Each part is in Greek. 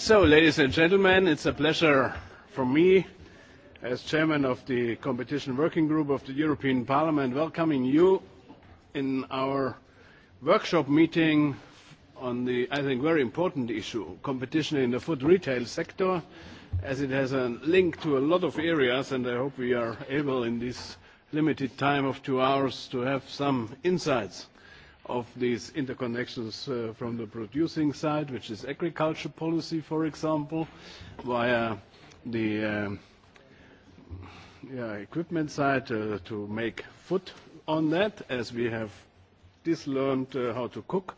So, ladies and gentlemen, it's a pleasure for me, as chairman of the Competition Working Group of the European Parliament, welcoming you in our workshop meeting on the, I think, very important issue, competition in the food retail sector, as it has a link to a lot of areas, and I hope we are able in this limited time of two hours to have some insights of these interconnections from the producing side, which is agriculture policy, for example, via the equipment side to make foot on that, as we have just learned how to cook,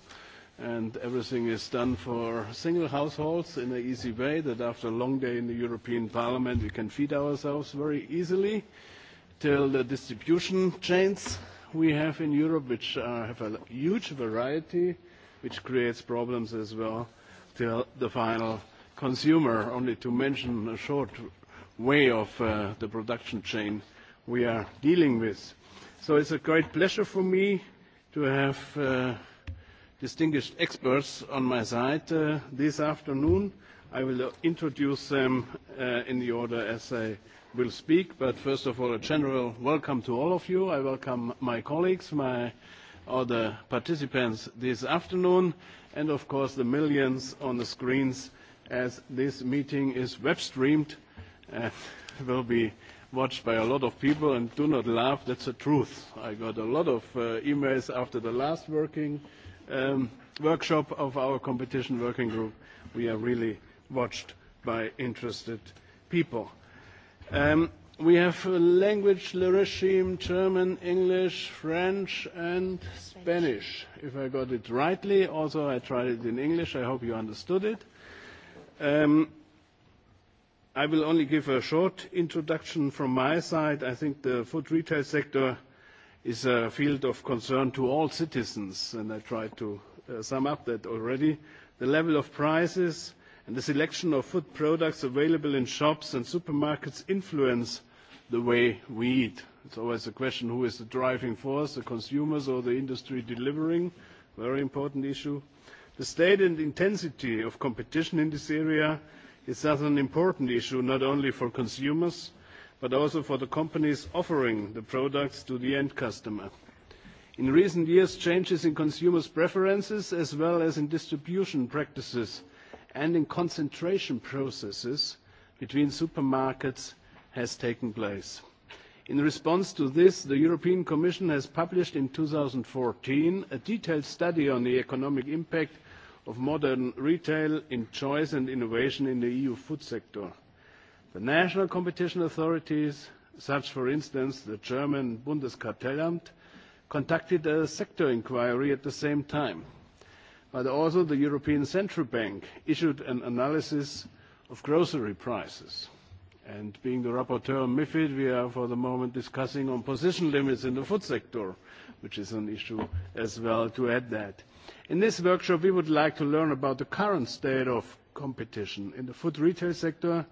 and everything is done for single households in an easy way, that after a long day in the European Parliament we can feed ourselves very easily, till the distribution chains we have in Europe, which have a huge variety, which creates problems as well to the final consumer. Only to mention a short way of the production chain we are dealing with. So it's a great pleasure for me to have distinguished experts on my side this afternoon. I will introduce them in the order as I will speak, but first of all, a general welcome to all of you. I welcome my colleagues, my other participants this afternoon, and of course the millions on the screens as this meeting is web streamed and will be watched by a lot of people. And do not laugh, that's the truth. I got a lot of emails after the last working workshop of our competition working group. We are really watched by interested people. We have language, regime, German, English, French and Spanish, if I got it rightly. Also, I tried it in English. I hope you understood it. I will only give a short introduction from my side. I think the food retail sector is a field of concern to all citizens, and I tried to sum up that already. The level of prices and the selection of food products available in shops and supermarkets influence the way we eat. It's always a question who is the driving force, the consumers or the industry delivering, very important issue. The state and intensity of competition in this area is thus an important issue not only for consumers but also for the companies offering the products to the end customer. In recent years, changes in consumers' preferences as well as in distribution practices and in concentration processes between supermarkets has taken place. In response to this, the European Commission has published in 2014 a detailed study on the economic impact of modern retail in choice and innovation in the EU food sector. The national competition authorities, such for instance the German Bundeskartellamt, conducted a sector inquiry at the same time but also the European Central Bank issued an analysis of grocery prices. And being the rapporteur on MIFID, we are for the moment discussing on position limits in the food sector, which is an issue as well to add that. In this workshop, we would like to learn about the current state of competition in the food retail sector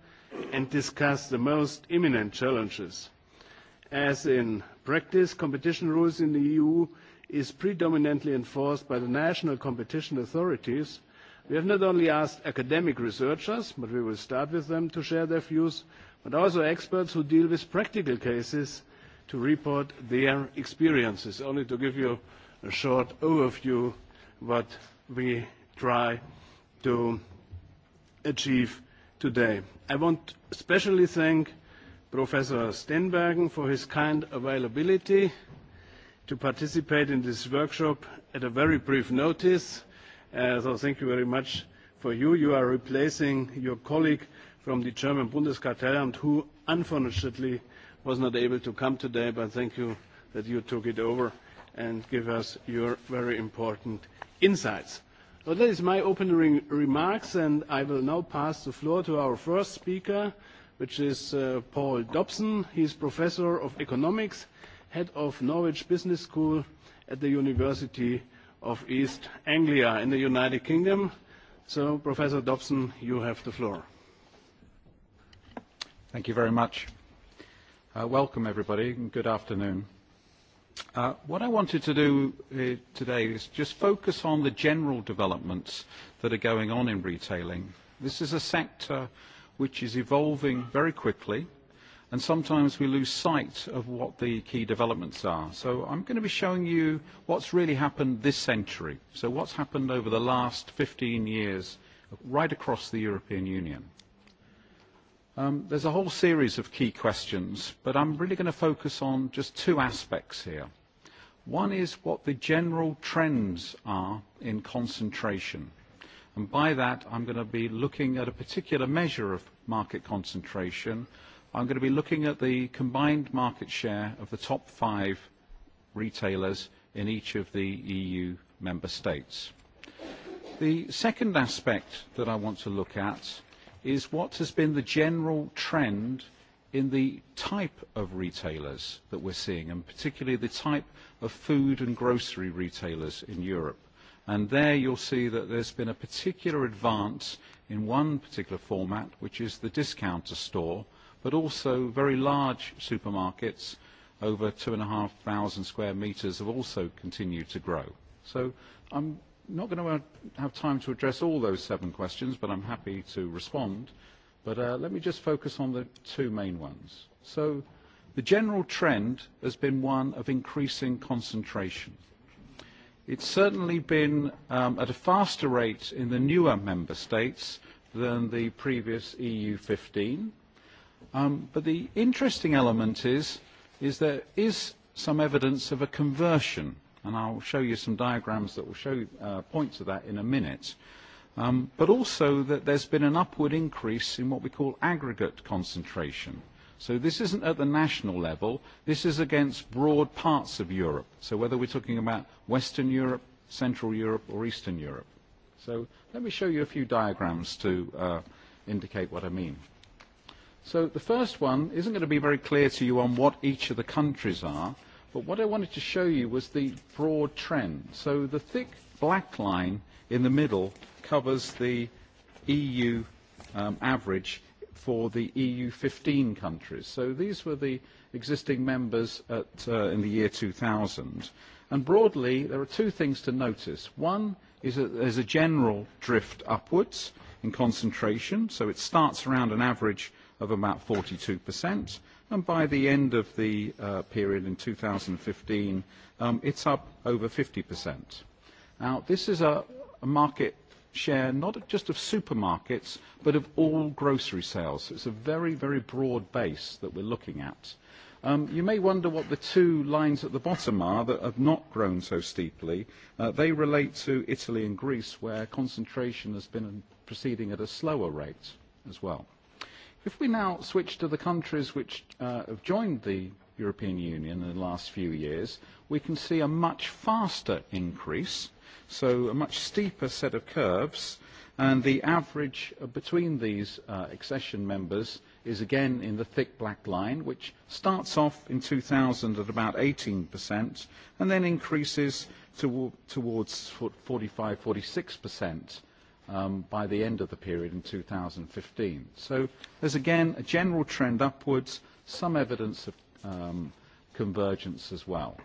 and discuss the most imminent challenges. As in practice, competition rules in the EU is predominantly enforced by the national competition authorities, we have not only asked academic researchers, but we will start with them to share their views, but also experts who deal with practical cases to report their experiences. Only to give you a short overview what we try to achieve today. I want especially thank Professor Stenbergen for his kind availability to participate in this workshop at a very brief notice. So thank you very much for you. You are replacing your colleague from the German Bundeskartellamt, who unfortunately was not able to come today, but thank you that you took it over and give us your very important insights. So that is my opening remarks, and I will now pass the floor to our first speaker, which is Paul Dobson. He is Professor of Economics head of Norwich Business School at the University of East Anglia in the United Kingdom. So, Professor Dobson, you have the floor. Thank you very much. Welcome, everybody, and good afternoon. What I wanted to do today is just focus on the general developments that are going on in retailing. This is a sector which is evolving very quickly and sometimes we lose sight of what the key developments are. So I'm going to be showing you what's really happened this century, so what's happened over the last 15 years right across the European Union. There's a whole series of key questions, but I'm really going to focus on just two aspects here. One is what the general trends are in concentration. And by that, I'm going to be looking at a particular measure of market concentration I'm going to be looking at the combined market share of the top five retailers in each of the EU member states. The second aspect that I want to look at is what has been the general trend in the type of retailers that we're seeing, and particularly the type of food and grocery retailers in Europe. And there you'll see that there's been a particular advance in one particular format, which is the discounter store, but also very large supermarkets, over 2,500 square metres, have also continued to grow. So I'm not going to have time to address all those seven questions, but I'm happy to respond. But let me just focus on the two main ones. So the general trend has been one of increasing concentration. It's certainly been at a faster rate in the newer member states than the previous EU 15 But the interesting element is there is some evidence of a conversion, and I'll show you some diagrams that will show points of that in a minute, but also that there's been an upward increase in what we call aggregate concentration. So this isn't at the national level. This is against broad parts of Europe, so whether we're talking about Western Europe, Central Europe, or Eastern Europe. So let me show you a few diagrams to indicate what I mean. So the first one isn't going to be very clear to you on what each of the countries are, but what I wanted to show you was the broad trend. So the thick black line in the middle covers the EU average for the EU 15 countries. So these were the existing members in the year 2000. And broadly, there are two things to notice. One is that there's a general drift upwards in concentration, so it starts around an average of about 42%, and by the end of the period in 2015, it's up over 50%. Now, this is a market share not just of supermarkets, but of all grocery sales. It's a very, very broad base that we're looking at. You may wonder what the two lines at the bottom are that have not grown so steeply. They relate to Italy and Greece, where concentration has been proceeding at a slower rate as well. If we now switch to the countries which have joined the European Union in the last few years, we can see a much faster increase, so a much steeper set of curves, and the average between these accession members is again in the thick black line, which starts off in 2000 at about 18% and then increases towards 45-46% by the end of the period in 2015. So there's again a general trend upwards, some evidence of convergence as well.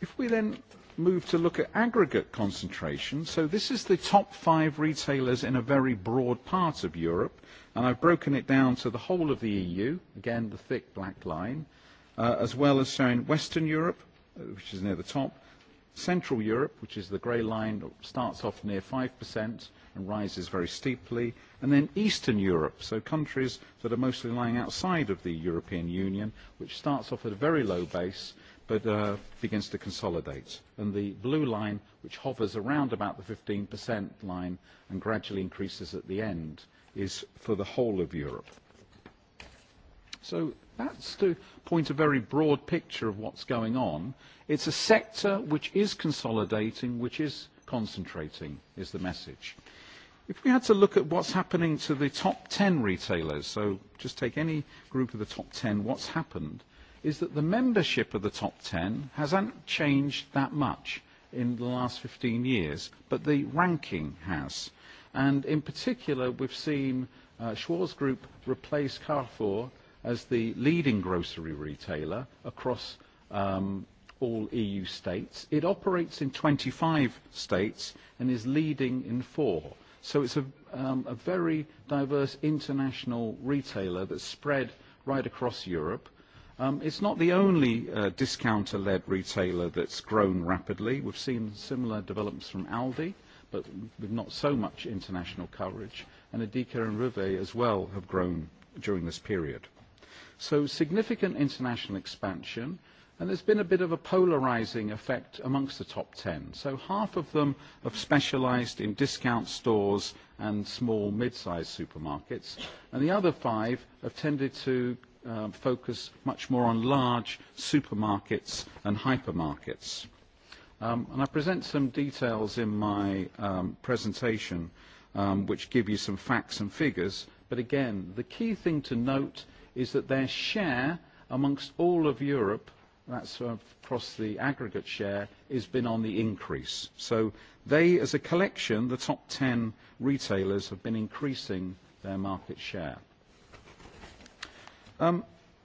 If we then move to look at aggregate concentration, so this is the top five retailers in a very broad part of Europe, and I've broken it down to the whole of the EU, again the thick black line, as well as showing Western Europe, which is near the top, Central Europe, which is the grey line, starts off near 5% and rises very steeply, and then Eastern Europe, so countries that are mostly lying outside of the European Union, which starts off at a very low base but begins to consolidate. And the blue line, which hovers around about the 15% line and gradually increases at the end, is for the whole of Europe. So That's to point a very broad picture of what's going on. It's a sector which is consolidating, which is concentrating, is the message. If we had to look at what's happening to the top 10 retailers, so just take any group of the top 10, what's happened is that the membership of the top 10 hasn't changed that much in the last 15 years, but the ranking has. And in particular, we've seen Schwarz Group replace Carrefour as the leading grocery retailer across all EU states. It operates in 25 states and is leading in four. So it's a very diverse international retailer that's spread right across Europe. It's not the only discounter-led retailer that's grown rapidly. We've seen similar developments from Aldi, but with not so much international coverage. And Adika and Rive as well have grown during this period. So significant international expansion, and there's been a bit of a polarizing effect amongst the top 10. So half of them have specialized in discount stores and small, mid-sized supermarkets, and the other five have tended to focus much more on large supermarkets and hypermarkets. And I present some details in my presentation which give you some facts and figures, but again, the key thing to note is that their share amongst all of Europe, that's across the aggregate share, has been on the increase. So they, as a collection, the top 10 retailers, have been increasing their market share.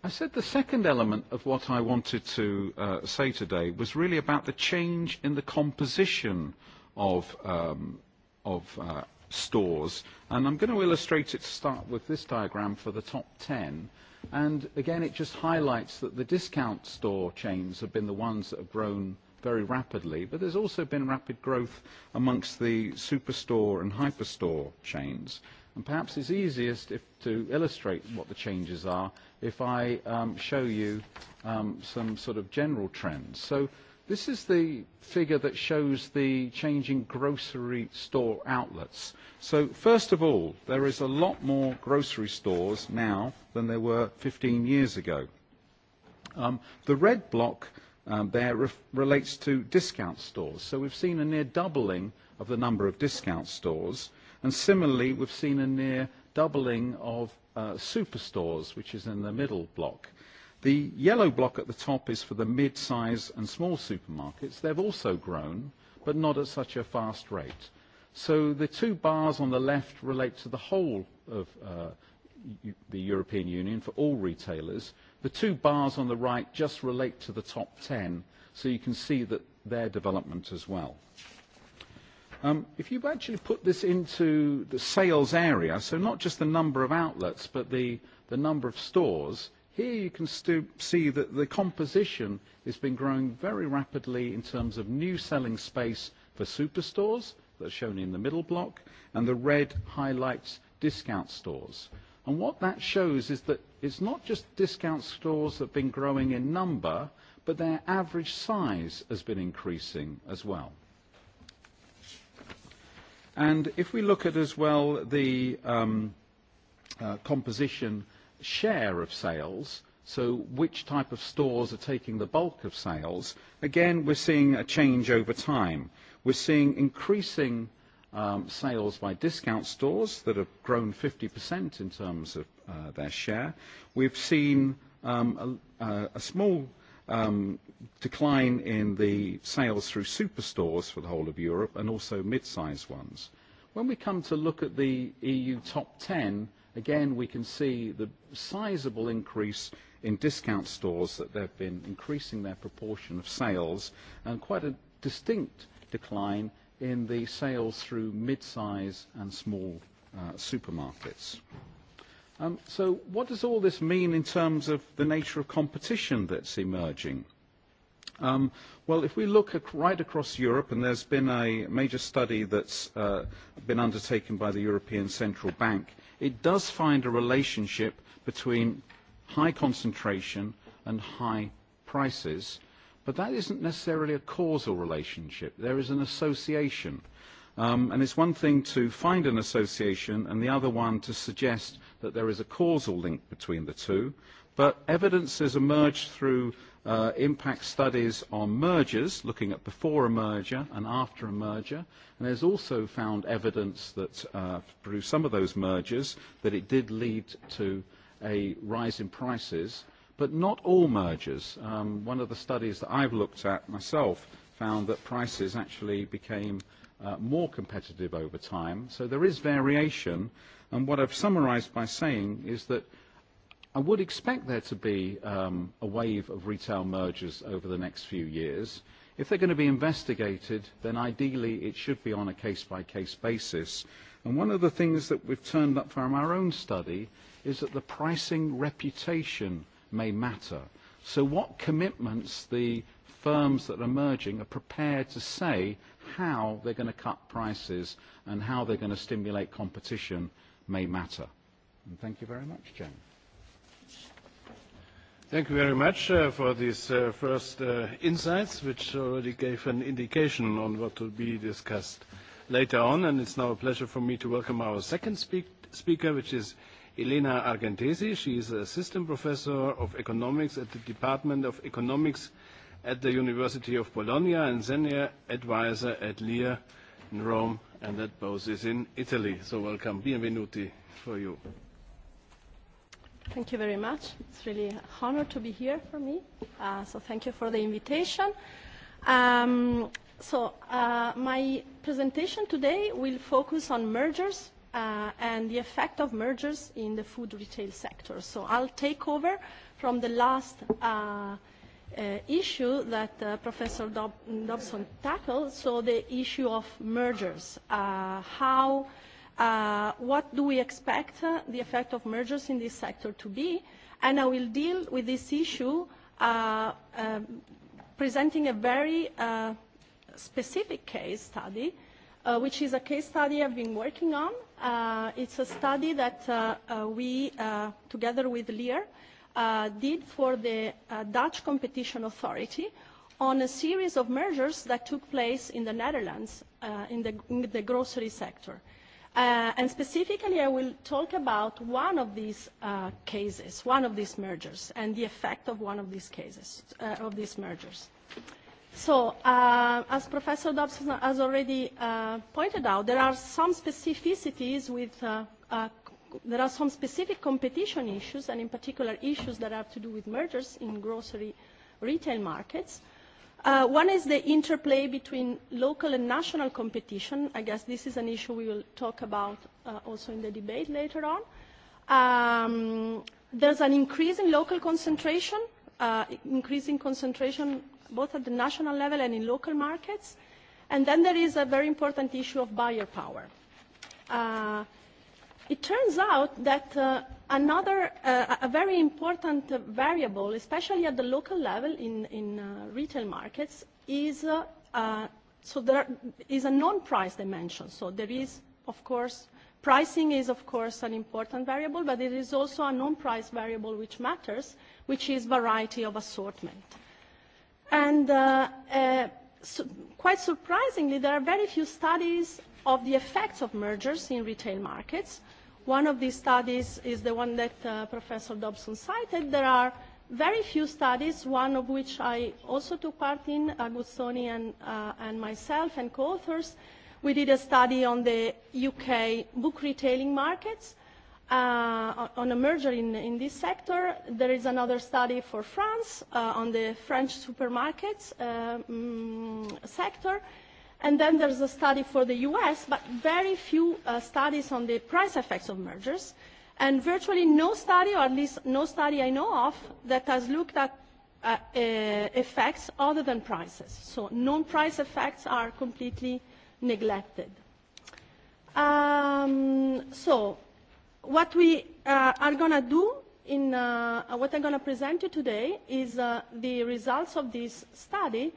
I said the second element of what I wanted to say today was really about the change in the composition of stores. And I'm going to illustrate it to start with this diagram for the top 10. And again, it just highlights that the discount store chains have been the ones that have grown very rapidly, but there's also been rapid growth amongst the superstore and hyperstore chains. And perhaps it's easiest if to illustrate what the changes are if I show you some sort of general trends. So This is the figure that shows the changing grocery store outlets. So first of all, there is a lot more grocery stores now than there were 15 years ago. The red block there relates to discount stores. So we've seen a near doubling of the number of discount stores. And similarly, we've seen a near doubling of superstores, which is in the middle block. The yellow block at the top is for the mid-size and small supermarkets. They've also grown, but not at such a fast rate. So the two bars on the left relate to the whole of the European Union for all retailers. The two bars on the right just relate to the top 10, so you can see that their development as well. If you actually put this into the sales area, so not just the number of outlets, but the number of stores, Here you can see that the composition has been growing very rapidly in terms of new selling space for superstores, that's shown in the middle block, and the red highlights discount stores. And what that shows is that it's not just discount stores that have been growing in number, but their average size has been increasing as well. And if we look at as well the composition share of sales, so which type of stores are taking the bulk of sales, again, we're seeing a change over time. We're seeing increasing sales by discount stores that have grown 50% in terms of their share. We've seen a small decline in the sales through superstores for the whole of Europe and also mid-sized ones. When we come to look at the EU top 10, again, we can see the sizable increase in discount stores that they've been increasing their proportion of sales and quite a distinct decline in the sales through mid-size and small supermarkets. So what does all this mean in terms of the nature of competition that's emerging? Well, if we look right across Europe, and there's been a major study that's been undertaken by the European Central Bank it does find a relationship between high concentration and high prices, but that isn't necessarily a causal relationship. There is an association. And it's one thing to find an association and the other one to suggest that there is a causal link between the two. But evidence has emerged through impact studies on mergers, looking at before a merger and after a merger, and there's also found evidence that through some of those mergers that it did lead to a rise in prices, but not all mergers. One of the studies that I've looked at myself found that prices actually became more competitive over time, so there is variation, and what I've summarized by saying is that I would expect there to be a wave of retail mergers over the next few years. If they're going to be investigated, then ideally it should be on a case-by-case basis. And one of the things that we've turned up from our own study is that the pricing reputation may matter. So what commitments the firms that are merging are prepared to say how they're going to cut prices and how they're going to stimulate competition may matter. And thank you very much, Jane. Thank you very much for these first insights, which already gave an indication on what will be discussed later on. And it's now a pleasure for me to welcome our second speaker, which is Elena Argentesi. She is an assistant professor of economics at the Department of Economics at the University of Bologna and senior advisor at LIA in Rome, and that both is in Italy. So welcome. bienvenuti for you. Thank you very much. It's really an honor to be here for me. Uh, so thank you for the invitation. Um, so uh, my presentation today will focus on mergers uh, and the effect of mergers in the food retail sector. So I'll take over from the last uh, uh, issue that uh, Professor Dob Dobson tackled, so the issue of mergers, uh, how What do we expect the effect of mergers in this sector to be? And I will deal with this issue presenting a very specific case study, which is a case study I've been working on. It's a study that we, together with Lear, did for the Dutch Competition Authority on a series of mergers that took place in the Netherlands in the grocery sector. And specifically, I will talk about one of these cases, one of these mergers, and the effect of one of these cases, of these mergers. So, as Professor Dobson has already pointed out, there are some specificities with, there are some specific competition issues, and in particular issues that have to do with mergers in grocery retail markets. One is the interplay between local and national competition. I guess this is an issue we will talk about also in the debate later on. There's an increase in local concentration, increasing concentration both at the national level and in local markets. And then there is a very important issue of buyer power. It turns out that Another, a very important variable, especially at the local level in, in retail markets, is so there is a non-price dimension. So there is, of course, pricing is of course an important variable, but it is also a non-price variable which matters, which is variety of assortment. And quite surprisingly, there are very few studies of the effects of mergers in retail markets One of these studies is the one that Professor Dobson cited. There are very few studies, one of which I also took part in, Agustoni and, and myself and co-authors. We did a study on the UK book retailing markets, on a merger in, in this sector. There is another study for France on the French supermarkets sector. And then there's a study for the US, but very few studies on the price effects of mergers, and virtually no study, or at least no study I know of, that has looked at effects other than prices. So non-price effects are completely neglected. So what we are going to do in what I'm going to present you today is the results of this study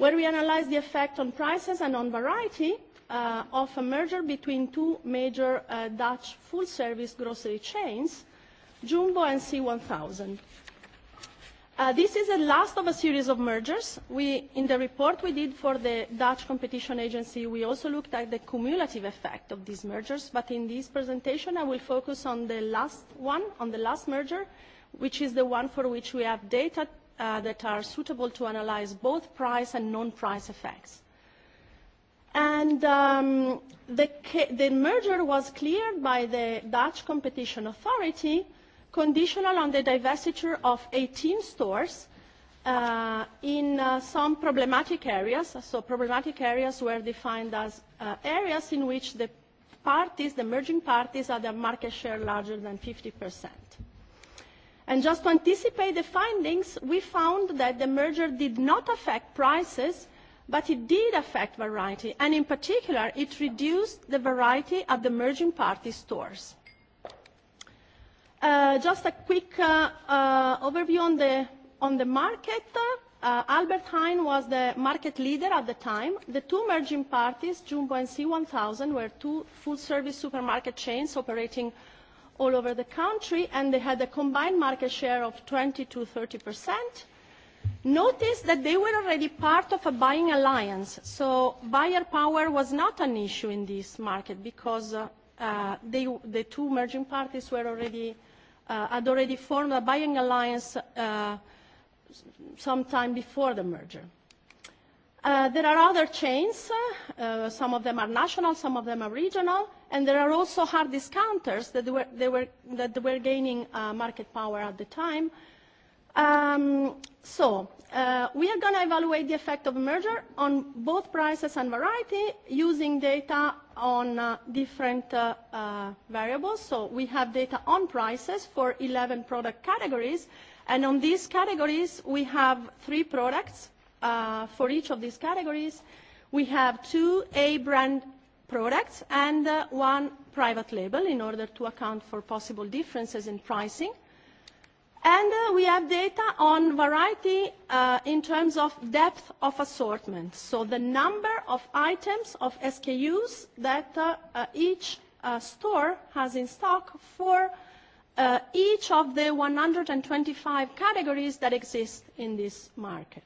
where we analyze the effect on prices and on variety of a merger between two major Dutch full-service grocery chains, Jumbo and C1000. This is the last of a series of mergers. We, in the report we did for the Dutch Competition Agency, we also looked at the cumulative effect of these mergers, but in this presentation I will focus on the last one, on the last merger, which is the one for which we have data that are suitable to analyze both price and non-price effects. And the merger was cleared by the Dutch Competition Authority conditional on the divestiture of 18 stores in some problematic areas. So problematic areas were defined as areas in which the parties, the merging parties, had a market share larger than 50%. And just to anticipate the findings, we found that the merger did not affect prices, but it did affect variety, and in particular, it reduced the variety at the merging party stores. Just a quick overview on the on the market. Albert Hein was the market leader at the time. The two merging parties, Jumbo and C1000, were two full-service supermarket chains operating all over the country, and they had a combined market share of 20 to 30%. Notice that they were already part of a buying alliance, so buyer power was not an issue in this market because the two merging parties were already had already formed a buying alliance some time before the merger. There are other chains. Some of them are national, some of them are regional and there are also hard discounters that were they were that were gaining market power at the time. So we are going to evaluate the effect of merger on both prices and variety using data on different variables. So we have data on prices for 11 product categories, and on these categories we have three products for each of these categories. We have two A brand products and one private label in order to account for possible differences in pricing. And we have data on variety in terms of depth of assortment, so the number of items of SKUs that each store has in stock for each of the 125 categories that exist in this market.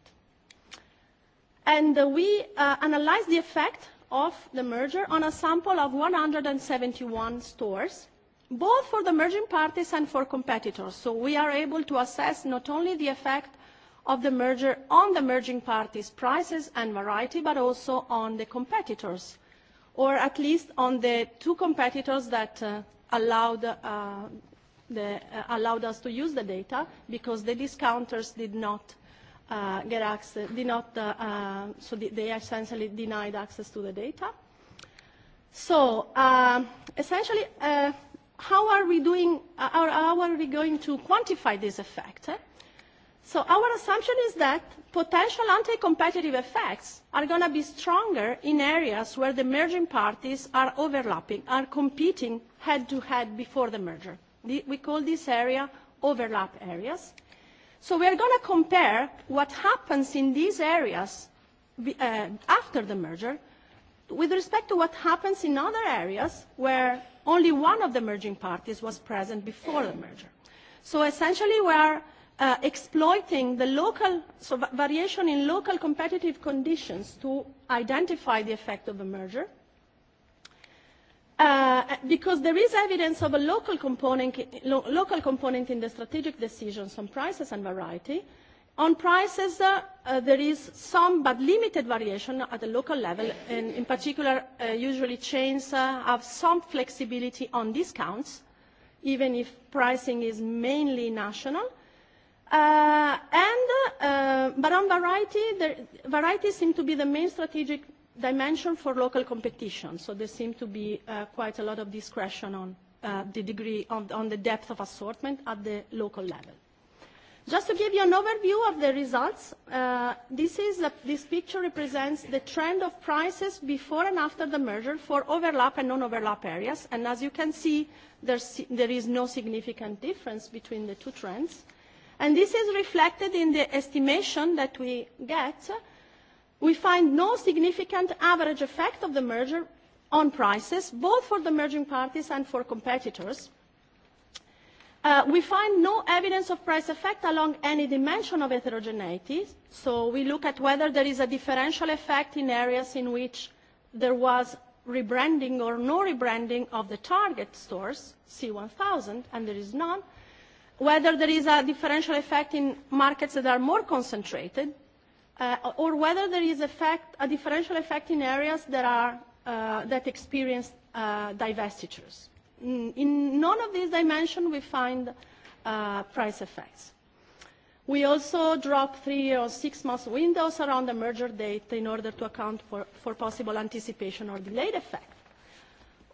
And we analyze the effect of the merger on a sample of 171 stores, both for the merging parties and for competitors. So we are able to assess not only the effect of the merger on the merging parties' prices and variety, but also on the competitors, or at least on the two competitors that allowed us to use the data, because the discounters did not uh get access, did not, so they essentially denied access to the data. So essentially, how are we doing, how are we going to quantify this effect? So our assumption is that potential anti-competitive effects are going to be stronger in areas where the merging parties are overlapping, are competing head-to-head before the merger. We call this area overlap areas. So we are going to compare what happens in these areas after the merger with respect to what happens in other areas where only one of the merging parties was present before the merger. So essentially we are exploiting the local variation in local competitive conditions to identify the effect of the merger because there is evidence of a local component, local component in the strategic decisions on prices and variety. On prices, there is some but limited variation at the local level, and in particular, usually chains have some flexibility on discounts, even if pricing is mainly national. And but on variety, variety seem to be the main strategic dimension for local competition. So there seems to be quite a lot of discretion on the degree, on the depth of assortment at the local level. Just to give you an overview of the results, this is this picture represents the trend of prices before and after the merger for overlap and non-overlap areas. And as you can see, there is no significant difference between the two trends. And this is reflected in the estimation that we get we find no significant average effect of the merger on prices, both for the merging parties and for competitors. We find no evidence of price effect along any dimension of heterogeneity, so we look at whether there is a differential effect in areas in which there was rebranding or no rebranding of the target stores, C1000, and there is none, whether there is a differential effect in markets that are more concentrated, or whether there is a differential effect in areas that are that experience divestitures. In none of these dimensions we find price effects. We also drop three or six months windows around the merger date in order to account for possible anticipation or delayed effect.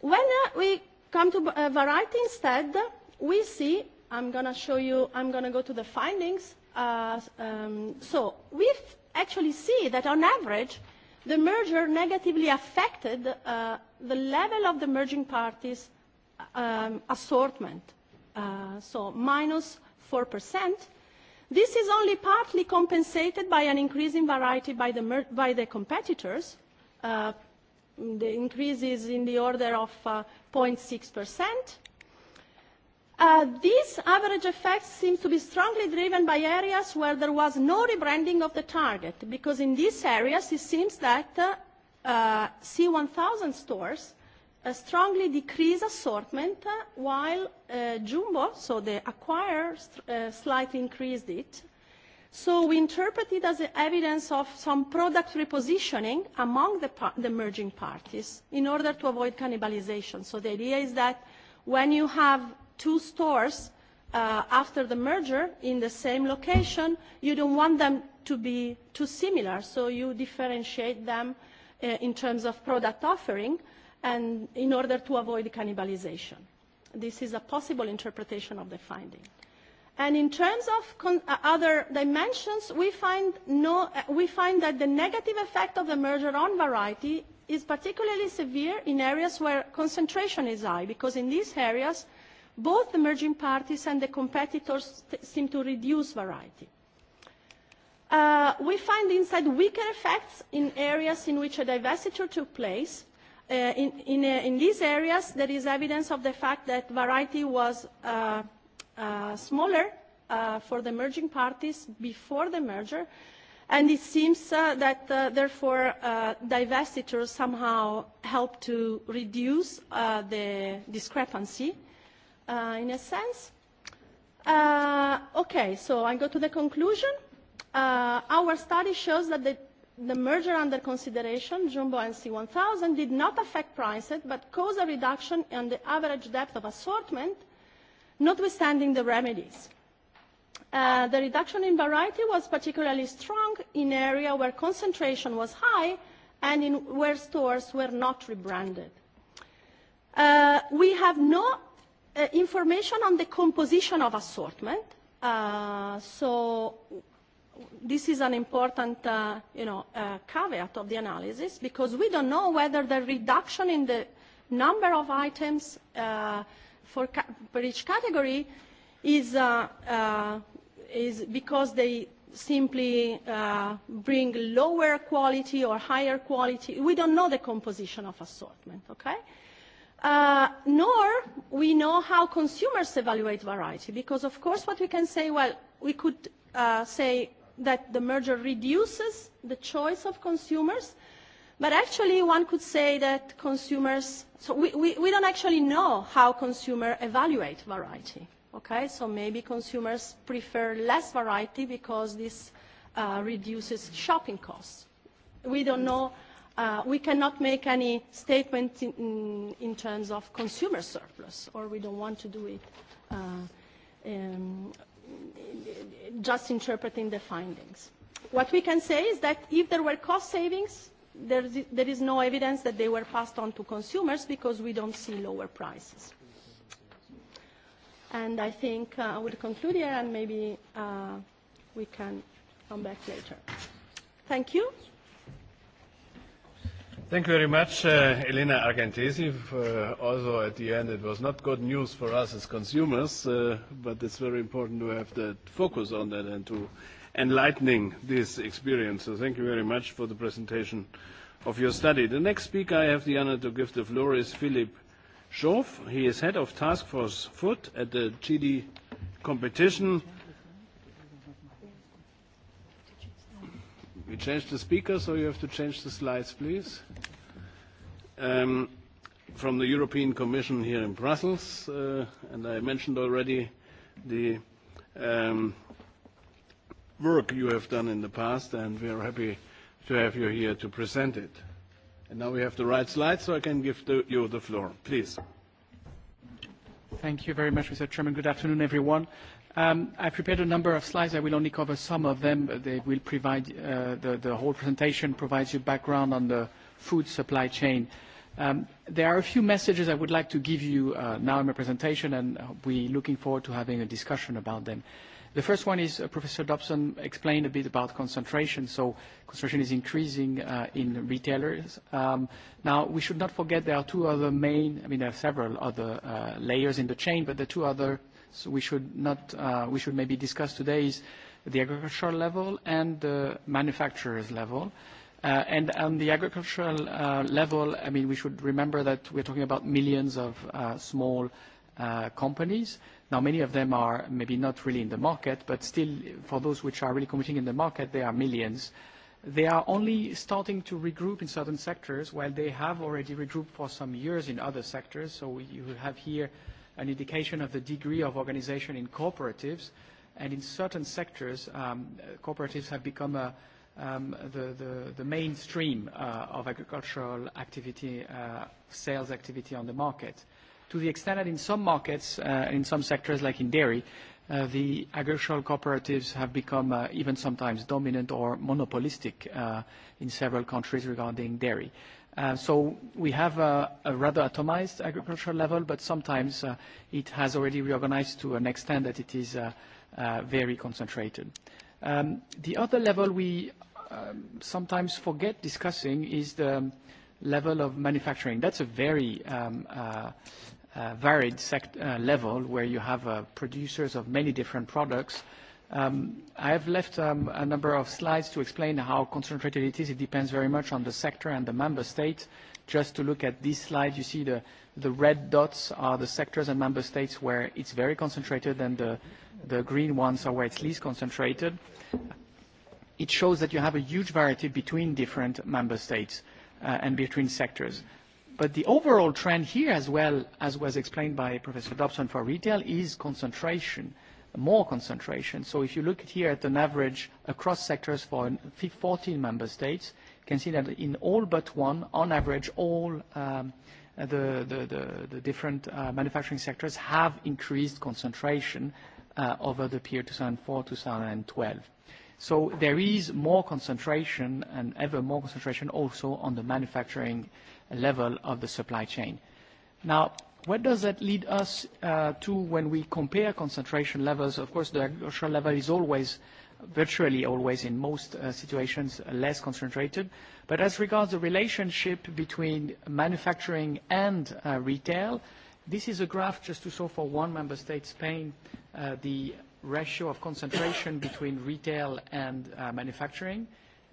When we come to variety instead, we see, I'm going to show you, I'm going to go to the findings. So we actually see that on average the merger negatively affected the level of the merging parties assortment, so minus 4%. This is only partly compensated by an increase in variety by the competitors. The increase is in the order of 0.6%. This average effect seems to be strongly driven by areas where there was no rebranding of the target, because in these areas it seems that C1000 stores strongly decrease assortment, while Jumbo, so the acquirer, slightly increased it. So we interpret it as evidence of some product repositioning among the merging parties in order to avoid cannibalization. So the idea is that when you have two stores after the merger in the same location, you don't want them to be too similar, so you differentiate them in terms of product offering and in order to avoid cannibalization. This is a possible interpretation of the finding. And in terms of other dimensions, we find that the negative effect of the merger on variety is particularly severe in areas where concentration is high, because in these areas, both the merging parties and the competitors seem to reduce variety. We find inside weaker effects in areas in which a divestiture took place. In these areas, there is evidence of the fact that variety was smaller for the merging parties before the merger, and it seems that, therefore, divestitures somehow help to reduce the discrepancy in a sense. Okay, so I go to the conclusion. Our study shows that the merger under consideration, Jumbo and C1000, did not affect prices but caused a reduction in the average depth of assortment, notwithstanding the remedies. The reduction in variety was particularly strong in areas where concentration was high and in where stores were not rebranded. We have no information on the composition of assortment. So this is an important you know, caveat of the analysis because we don't know whether the reduction in the number of items for each category is is because they simply bring lower quality or higher quality. We don't know the composition of assortment, okay? nor we know how consumers evaluate variety, because of course what we can say, well, we could say that the merger reduces the choice of consumers, but actually one could say that consumers, so we, we, we don't actually know how consumers evaluate variety. Okay, so maybe consumers prefer less variety because this reduces shopping costs. We don't know we cannot make any statement in terms of consumer surplus, or we don't want to do it just interpreting the findings. What we can say is that if there were cost savings, there is no evidence that they were passed on to consumers because we don't see lower prices. And I think I would conclude here and maybe we can come back later. Thank you. Thank you very much, Elena Argentesi. Also, at the end, it was not good news for us as consumers, but it's very important to have that focus on that and to enlightening this experience. So thank you very much for the presentation of your study. The next speaker I have the honor to give the floor is Philip Schoff. He is head of Task Force Food at the GD Competition We changed the speaker, so you have to change the slides, please. From the European Commission here in Brussels, and I mentioned already the work you have done in the past, and we are happy to have you here to present it. And now we have the right slide, so I can give you the floor. Please. Thank you very much, Mr. Chairman. Good afternoon, everyone. I prepared a number of slides. I will only cover some of them. will the whole presentation provides you background on the food supply chain. There are a few messages I would like to give you now in my presentation, and we're looking forward to having a discussion about them. The first one is Professor Dobson explained a bit about concentration. So concentration is increasing in retailers. Now, we should not forget there are two other main, I mean, there are several other layers in the chain, but the two other we should not we should maybe discuss today is the agricultural level and the manufacturers level. And on the agricultural level, I mean, we should remember that we are talking about millions of small companies. Now, many of them are maybe not really in the market, but still, for those which are really competing in the market, they are millions. They are only starting to regroup in certain sectors, while they have already regrouped for some years in other sectors. So you have here an indication of the degree of organization in cooperatives. And in certain sectors, cooperatives have become the mainstream of agricultural activity, sales activity on the market. To the extent that in some markets, in some sectors like in dairy, the agricultural cooperatives have become even sometimes dominant or monopolistic in several countries regarding dairy. So we have a rather atomized agricultural level, but sometimes it has already reorganized to an extent that it is very concentrated. The other level we sometimes forget discussing is the level of manufacturing. That's a very varied level where you have producers of many different products I have left a number of slides to explain how concentrated it is. It depends very much on the sector and the member state. Just to look at this slide, you see the red dots are the sectors and member states where it's very concentrated, and the green ones are where it's least concentrated. It shows that you have a huge variety between different member states and between sectors. But the overall trend here, as well as was explained by Professor Dobson for retail, is concentration more concentration. So if you look here at an average across sectors for 14 member states, you can see that in all but one, on average, all the different manufacturing sectors have increased concentration over the period 2004-2012. So there is more concentration and ever more concentration also on the manufacturing level of the supply chain. Now, What does that lead us to when we compare concentration levels? Of course, the agricultural level is always, virtually always in most situations, less concentrated. But as regards the relationship between manufacturing and retail, this is a graph just to show for one member state, Spain, the ratio of concentration between retail and manufacturing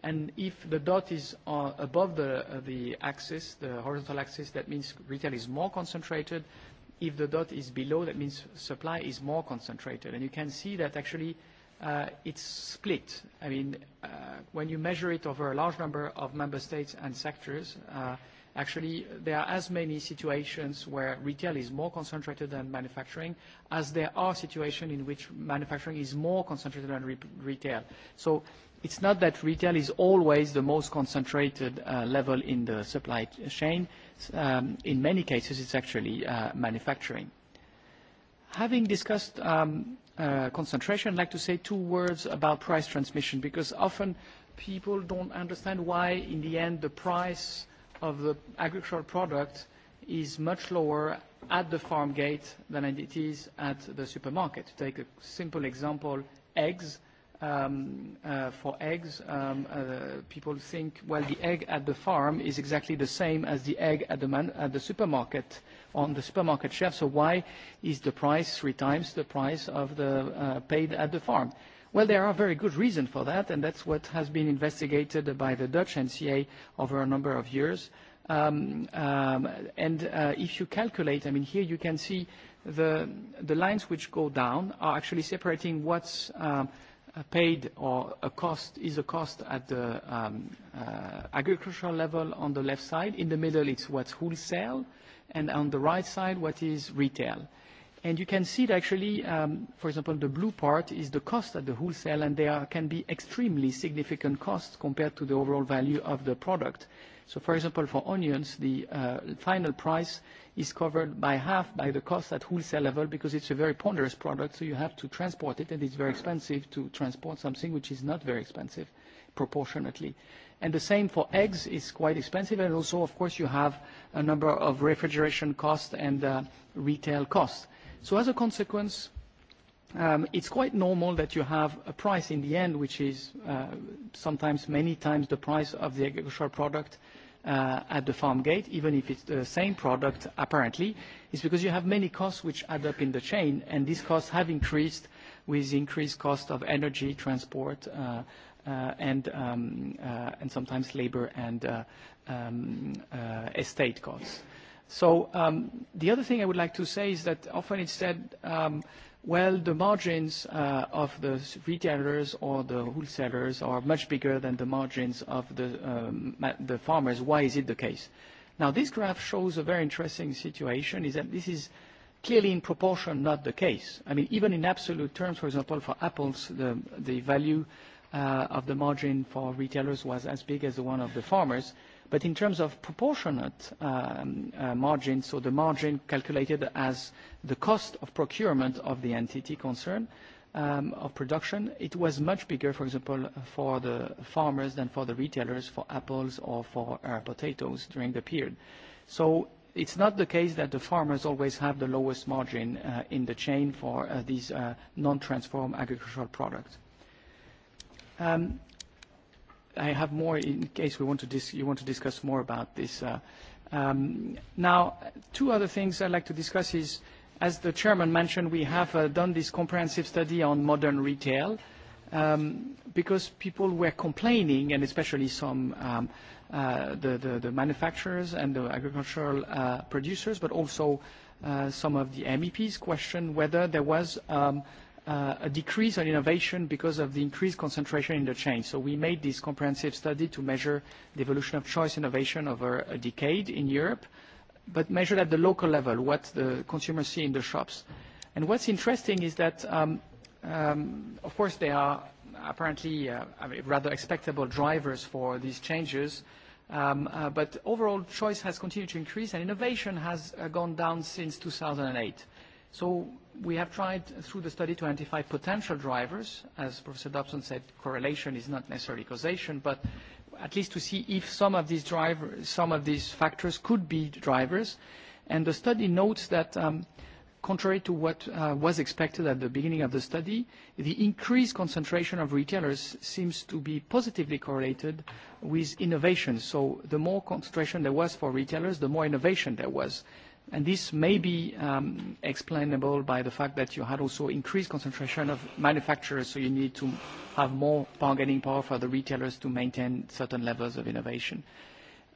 and if the dot is above the axis, the horizontal axis, that means retail is more concentrated. If the dot is below, that means supply is more concentrated. And you can see that actually it's split. I mean, when you measure it over a large number of member states and sectors, actually there are as many situations where retail is more concentrated than manufacturing as there are situations in which manufacturing is more concentrated than retail. So It's not that retail is always the most concentrated level in the supply chain. In many cases, it's actually manufacturing. Having discussed concentration, I'd like to say two words about price transmission, because often people don't understand why, in the end, the price of the agricultural product is much lower at the farm gate than it is at the supermarket. To Take a simple example, eggs for eggs, people think, well, the egg at the farm is exactly the same as the egg at the supermarket, on the supermarket shelf, so why is the price three times the price of the paid at the farm? Well, there are very good reasons for that, and that's what has been investigated by the Dutch NCA over a number of years. And if you calculate, I mean, here you can see the lines which go down are actually separating what's paid or a cost is a cost at the agricultural level on the left side. In the middle, it's what's wholesale, and on the right side, what is retail. And you can see that actually, for example, the blue part is the cost at the wholesale, and there can be extremely significant costs compared to the overall value of the product. So, for example, for onions, the final price is covered by half by the cost at wholesale level because it's a very ponderous product, so you have to transport it, and it's very expensive to transport something which is not very expensive proportionately. And the same for eggs is quite expensive, and also, of course, you have a number of refrigeration costs and retail costs. So as a consequence, it's quite normal that you have a price in the end which is sometimes many times the price of the agricultural product at the farm gate, even if it's the same product apparently, is because you have many costs which add up in the chain, and these costs have increased with increased cost of energy, transport, and sometimes labor and estate costs. So the other thing I would like to say is that often it's said Well, the margins of the retailers or the wholesalers are much bigger than the margins of the farmers. Why is it the case? Now, this graph shows a very interesting situation, is that this is clearly in proportion not the case. I mean, even in absolute terms, for example, for apples, the value of the margin for retailers was as big as the one of the farmers. But in terms of proportionate margin, so the margin calculated as the cost of procurement of the entity concerned, of production, it was much bigger, for example, for the farmers than for the retailers, for apples or for potatoes during the period. So it's not the case that the farmers always have the lowest margin in the chain for these non-transformed agricultural products. I have more in case we want to dis you want to discuss more about this. Now, two other things I'd like to discuss is, as the chairman mentioned, we have done this comprehensive study on modern retail because people were complaining, and especially some the manufacturers and the agricultural producers, but also some of the MEPs questioned whether there was a decrease on innovation because of the increased concentration in the chain. So we made this comprehensive study to measure the evolution of choice innovation over a decade in Europe, but measured at the local level, what the consumers see in the shops. And what's interesting is that, of course, there are apparently rather expectable drivers for these changes, but overall choice has continued to increase and innovation has gone down since 2008. So we have tried through the study to identify potential drivers. As Professor Dobson said, correlation is not necessarily causation, but at least to see if some of these some of these factors could be drivers. And the study notes that contrary to what was expected at the beginning of the study, the increased concentration of retailers seems to be positively correlated with innovation. So the more concentration there was for retailers, the more innovation there was. And this may be explainable by the fact that you had also increased concentration of manufacturers, so you need to have more bargaining power for the retailers to maintain certain levels of innovation.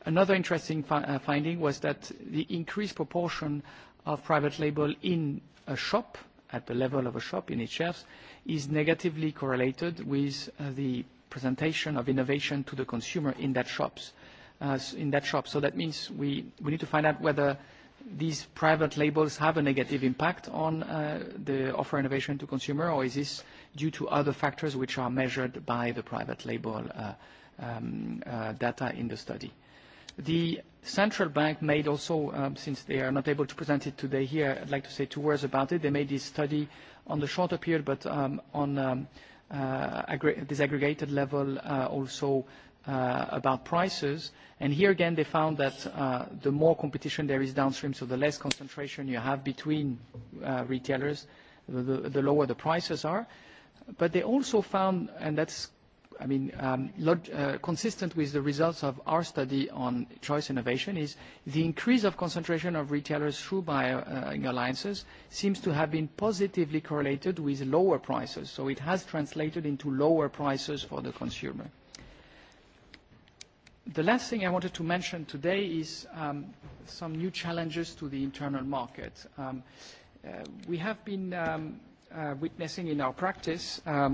Another interesting finding was that the increased proportion of private label in a shop, at the level of a shop in its shelves, is negatively correlated with the presentation of innovation to the consumer in that shop. So that means we need to find out whether these private labels have a negative impact on the offer innovation to consumer, or is this due to other factors which are measured by the private label data in the study? The central bank made also, since they are not able to present it today here, I'd like to say two words about it. They made this study on the shorter period, but on disaggregated level also about prices. And here again, they found that the more competition there is downstream, so the less concentration you have between retailers, the lower the prices are. But they also found, and that's, I mean, consistent with the results of our study on choice innovation, is the increase of concentration of retailers through buying alliances seems to have been positively correlated with lower prices. So it has translated into lower prices for the consumer. The last thing I wanted to mention today is some new challenges to the internal market. We have been witnessing in our practice a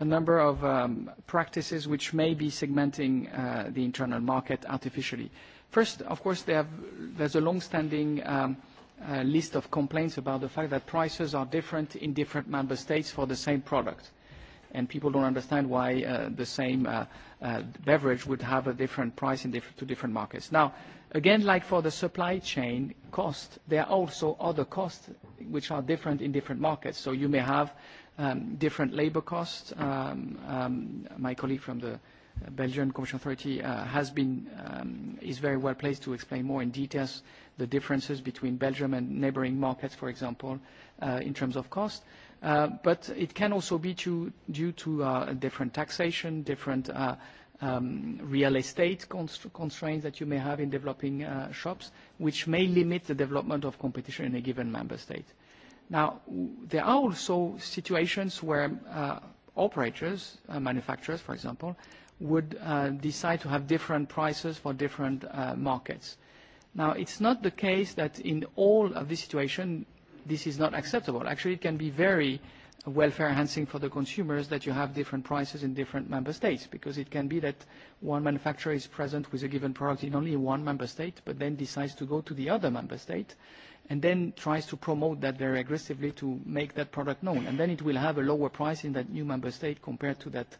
number of practices which may be segmenting the internal market artificially. First, of course, there's a long-standing list of complaints about the fact that prices are different in different member states for the same product and people don't understand why the same beverage would have a different price in two different markets. Now, again, like for the supply chain cost, there are also other costs which are different in different markets. So you may have different labor costs. My colleague from the Belgian Commission Authority has been is very well placed to explain more in details the differences between Belgium and neighboring markets, for example, in terms of cost. But it can also be due to different taxation, different real estate constraints that you may have in developing shops, which may limit the development of competition in a given member state. Now, there are also situations where operators, manufacturers, for example, would decide to have different prices for different markets. Now, it's not the case that in all of these situations this is not acceptable. Actually, it can be very welfare enhancing for the consumers that you have different prices in different member states because it can be that one manufacturer is present with a given product in only one member state but then decides to go to the other member state and then tries to promote that very aggressively to make that product known and then it will have a lower price in that new member state compared to that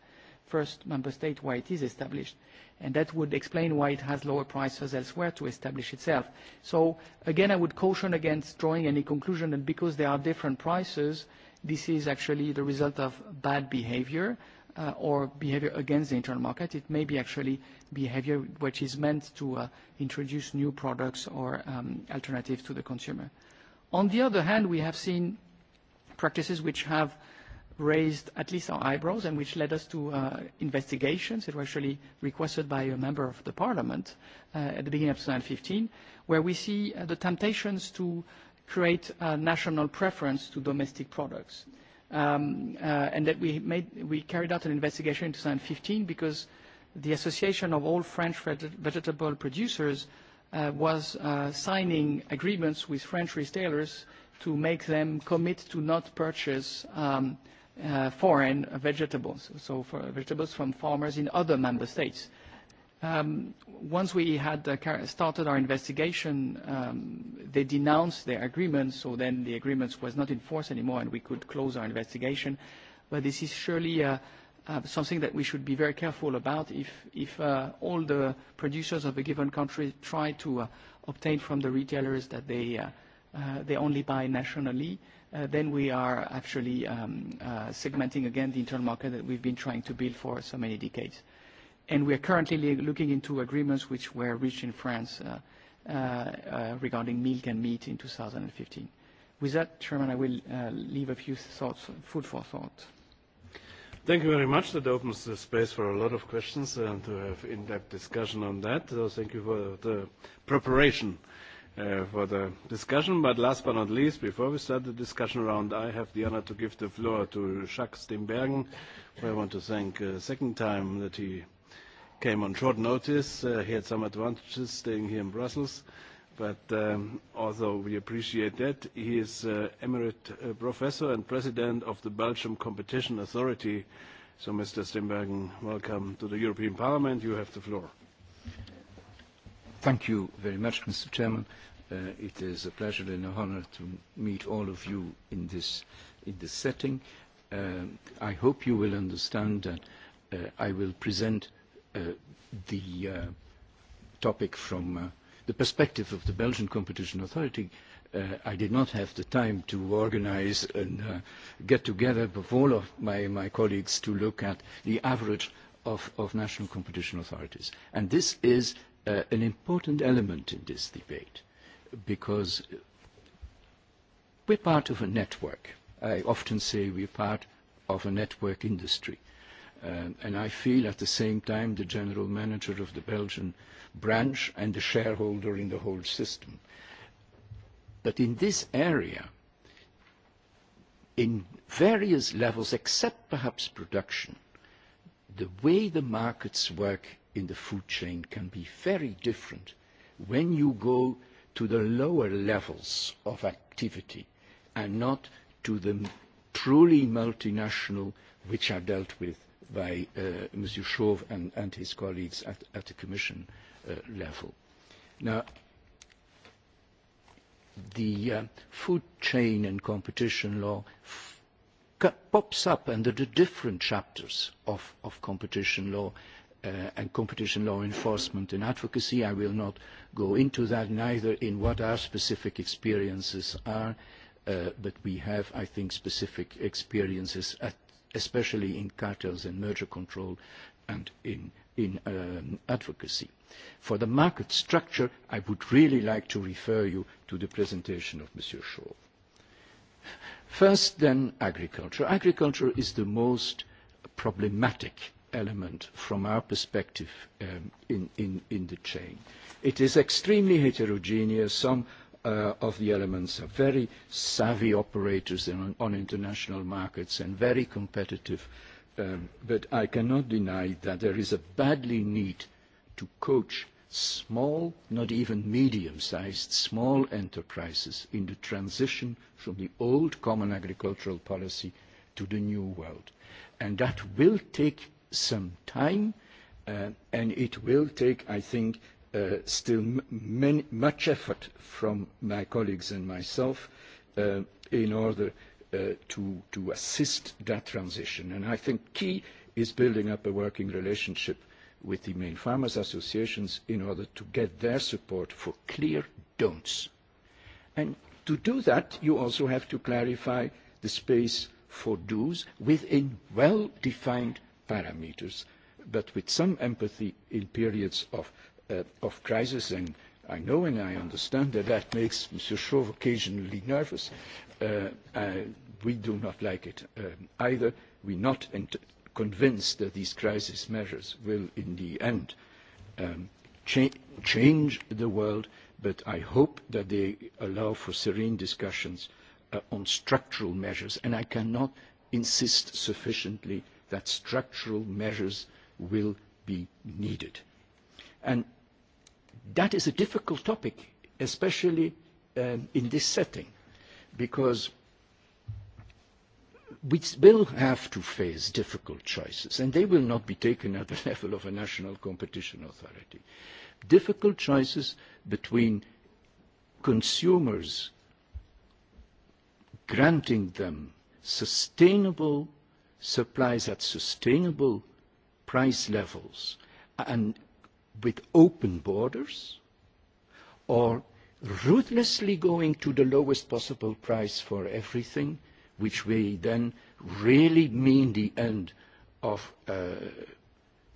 first member state where it is established. And that would explain why it has lower prices elsewhere to establish itself. So, again, I would caution against drawing any conclusion that because there are different prices, this is actually the result of bad behavior or behavior against the internal market. It may be actually behavior which is meant to introduce new products or alternatives to the consumer. On the other hand, we have seen practices which have raised at least our eyebrows and which led us to investigations. It was actually requested by a member of the parliament at the beginning of 2015, where we see the temptations to create a national preference to domestic products. And that we made we carried out an investigation in 2015 because the Association of all French vegetable producers was signing agreements with French retailers to make them commit to not purchase foreign vegetables, so for vegetables from farmers in other member states. Once we had started our investigation, they denounced their agreement, so then the agreement was not in force anymore and we could close our investigation. But this is surely something that we should be very careful about. If all the producers of a given country try to obtain from the retailers that they only buy nationally, then we are actually segmenting again the internal market that we've been trying to build for so many decades. And we are currently looking into agreements which were reached in France regarding milk and meat in 2015. With that, Chairman, I will leave a few thoughts, food for thought. Thank you very much. That opens the space for a lot of questions and to have in-depth discussion on that. So thank you for the preparation for the discussion. But last but not least, before we start the discussion round, I have the honor to give the floor to Jacques Stimbergen, who I want to thank a second time that he came on short notice. He had some advantages staying here in Brussels, but although we appreciate that. He is Emirate professor and president of the Belgium Competition Authority. So, Mr. Stimbergen, welcome to the European Parliament. You have the floor. Thank you very much, Mr. Chairman. It is a pleasure and an honor to meet all of you in this in this setting. I hope you will understand that I will present the topic from the perspective of the Belgian Competition Authority. I did not have the time to organize and get together with all of my my colleagues to look at the average of of national competition authorities. And this is an important element in this debate because we're part of a network. I often say we're part of a network industry. And I feel at the same time the general manager of the Belgian branch and the shareholder in the whole system. But in this area, in various levels, except perhaps production, the way the markets work in the food chain can be very different when you go to the lower levels of activity and not to the truly multinational which are dealt with by Mr. Chauve and his colleagues at the Commission level. Now, the food chain and competition law pops up under the different chapters of competition law and competition law enforcement and advocacy. I will not go into that, neither in what our specific experiences are, but we have, I think, specific experiences, especially in cartels and merger control and in advocacy. For the market structure, I would really like to refer you to the presentation of Mr. Shaw. First, then, agriculture. Agriculture is the most problematic element from our perspective in the chain. It is extremely heterogeneous. Some of the elements are very savvy operators on international markets and very competitive, but I cannot deny that there is a badly need to coach small, not even medium-sized, small enterprises in the transition from the old common agricultural policy to the new world. And that will take some time and it will take i think still much effort from my colleagues and myself in order to assist that transition and i think key is building up a working relationship with the main farmers associations in order to get their support for clear don'ts and to do that you also have to clarify the space for do's within well defined parameters, but with some empathy in periods of crisis. And I know and I understand that that makes Mr. Chauve occasionally nervous. We do not like it either. We are not convinced that these crisis measures will, in the end, change the world, but I hope that they allow for serene discussions on structural measures, and I cannot insist sufficiently that structural measures will be needed. And that is a difficult topic, especially in this setting, because we will have to face difficult choices, and they will not be taken at the level of a national competition authority. Difficult choices between consumers granting them sustainable supplies at sustainable price levels and with open borders, or ruthlessly going to the lowest possible price for everything, which we then really mean the end of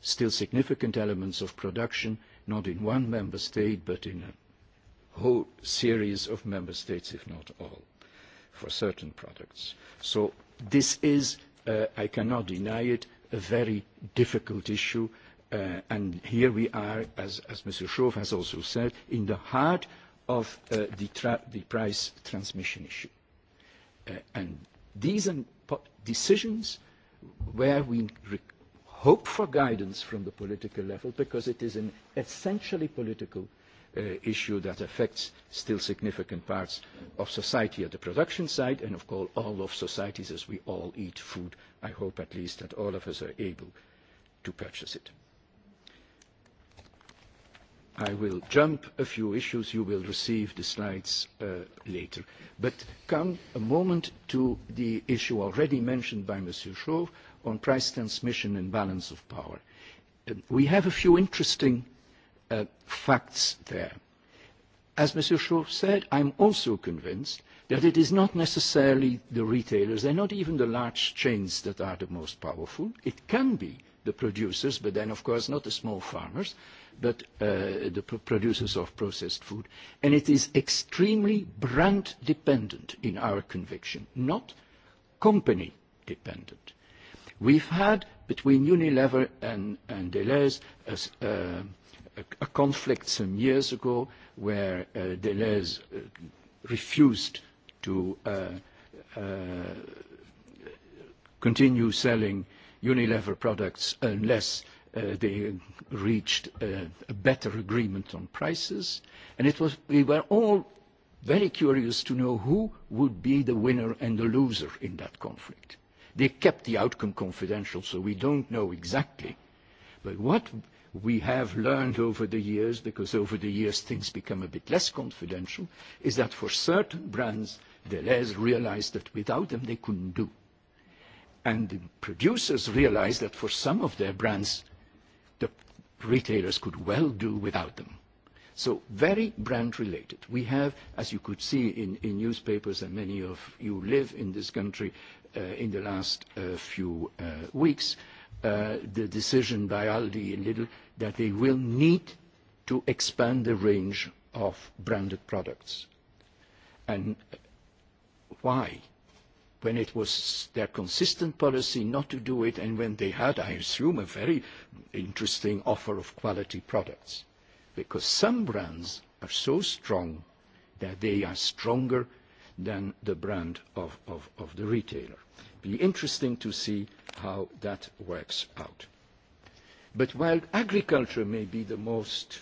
still significant elements of production, not in one member state, but in a whole series of member states, if not all, for certain products. So this is I cannot deny it, a very difficult issue. And here we are, as Mr. Schroff has also said, in the heart of the price transmission issue. And these decisions where we hope for guidance from the political level, because it is an essentially political issue that affects still significant parts of society at the production side and of course all of societies as we all eat food. I hope at least that all of us are able to purchase it. I will jump a few issues. You will receive the slides later. But come a moment to the issue already mentioned by Monsieur Chauve on price transmission and balance of power. We have a few interesting facts there. As Mr. Schroff said, I'm also convinced that it is not necessarily the retailers and not even the large chains that are the most powerful. It can be the producers, but then, of course, not the small farmers, but the producers of processed food. And it is extremely brand-dependent in our conviction, not company-dependent. We've had, between Unilever and Deleuze, a conflict some years ago where Deleuze refused to continue selling Unilever products unless they reached a better agreement on prices. And it was we were all very curious to know who would be the winner and the loser in that conflict. They kept the outcome confidential, so we don't know exactly. But what we have learned over the years, because over the years things become a bit less confidential, is that for certain brands, Deleuze realized that without them they couldn't do. And the producers realized that for some of their brands, the retailers could well do without them. So very brand related. We have, as you could see in newspapers, and many of you live in this country in the last few weeks, the decision by Aldi and Lidl that they will need to expand the range of branded products. And why? When it was their consistent policy not to do it and when they had, I assume, a very interesting offer of quality products. Because some brands are so strong that they are stronger than the brand of the retailer be interesting to see how that works out. But while agriculture may be the most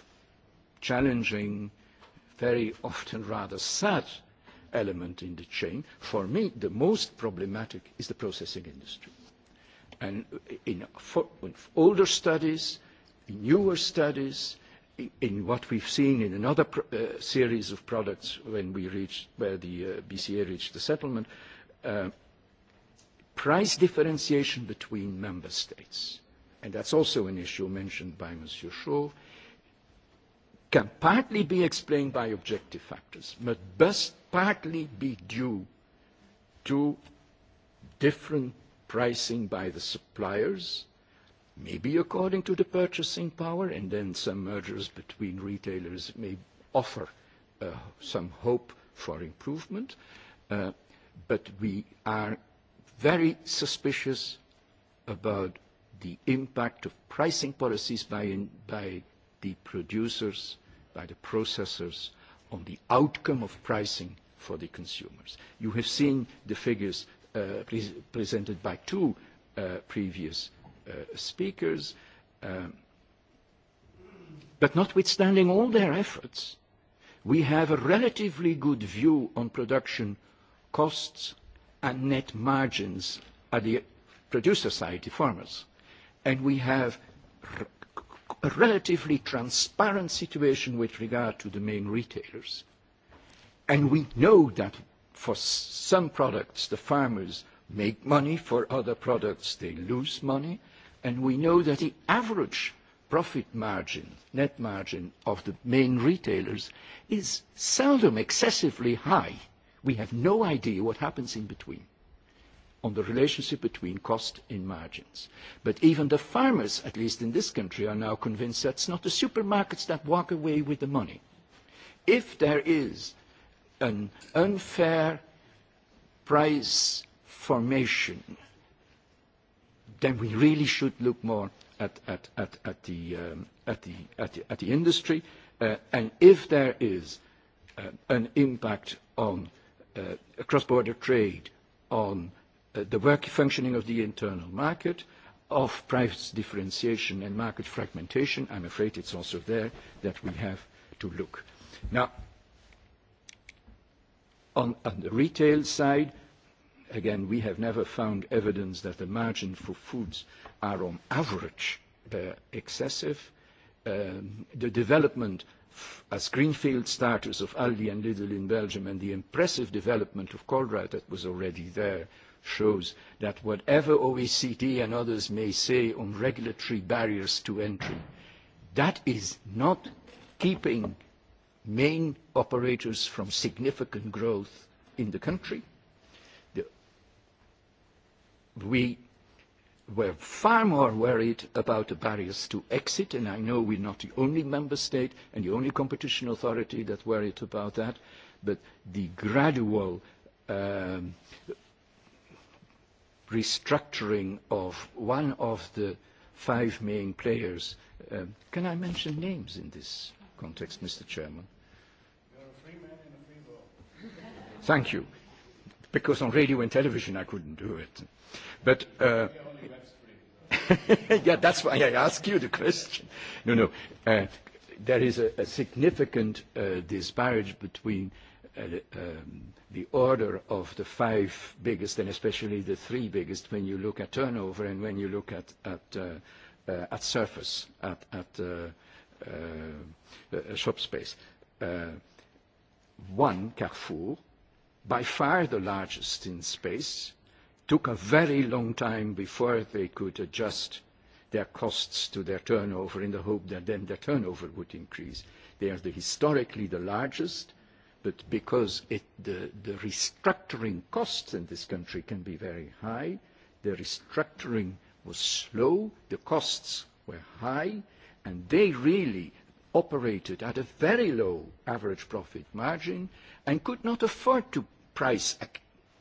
challenging, very often rather sad element in the chain, for me the most problematic is the processing industry. And in older studies, in newer studies, in what we've seen in another series of products when we reached, where the BCA reached the settlement, price differentiation between member states, and that's also an issue mentioned by Mr. Shaw, can partly be explained by objective factors, but must partly be due to different pricing by the suppliers, maybe according to the purchasing power, and then some mergers between retailers may offer some hope for improvement, but we are very suspicious about the impact of pricing policies by the producers, by the processors, on the outcome of pricing for the consumers. You have seen the figures presented by two previous speakers. But notwithstanding all their efforts, we have a relatively good view on production costs and net margins are the producer side, the farmers. And we have a relatively transparent situation with regard to the main retailers. And we know that for some products the farmers make money, for other products they lose money, and we know that the average profit margin, net margin of the main retailers is seldom excessively high We have no idea what happens in between on the relationship between cost and margins. But even the farmers, at least in this country, are now convinced that it's not the supermarkets that walk away with the money. If there is an unfair price formation, then we really should look more at the industry. And if there is an impact on cross-border trade, on the working functioning of the internal market, of price differentiation and market fragmentation, I'm afraid it's also there that we have to look. Now, on the retail side, again, we have never found evidence that the margin for foods are on average excessive. The development As greenfield starters of Aldi and Lidl in Belgium and the impressive development of Colruyt that was already there shows that whatever OECD and others may say on regulatory barriers to entry, that is not keeping main operators from significant growth in the country. We were far more worried about the barriers to exit, and I know we're not the only member state and the only competition authority that worried about that, but the gradual restructuring of one of the five main players. Can I mention names in this context, Mr. Chairman? Thank you because on radio and television I couldn't do it. But yeah, that's why I ask you the question. No, no, there is a significant disparage between the order of the five biggest and especially the three biggest when you look at turnover and when you look at at surface at at shop space. One Carrefour by far the largest in space, took a very long time before they could adjust their costs to their turnover in the hope that then their turnover would increase. They are historically the largest, but because the restructuring costs in this country can be very high, the restructuring was slow, the costs were high, and they really operated at a very low average profit margin and could not afford to price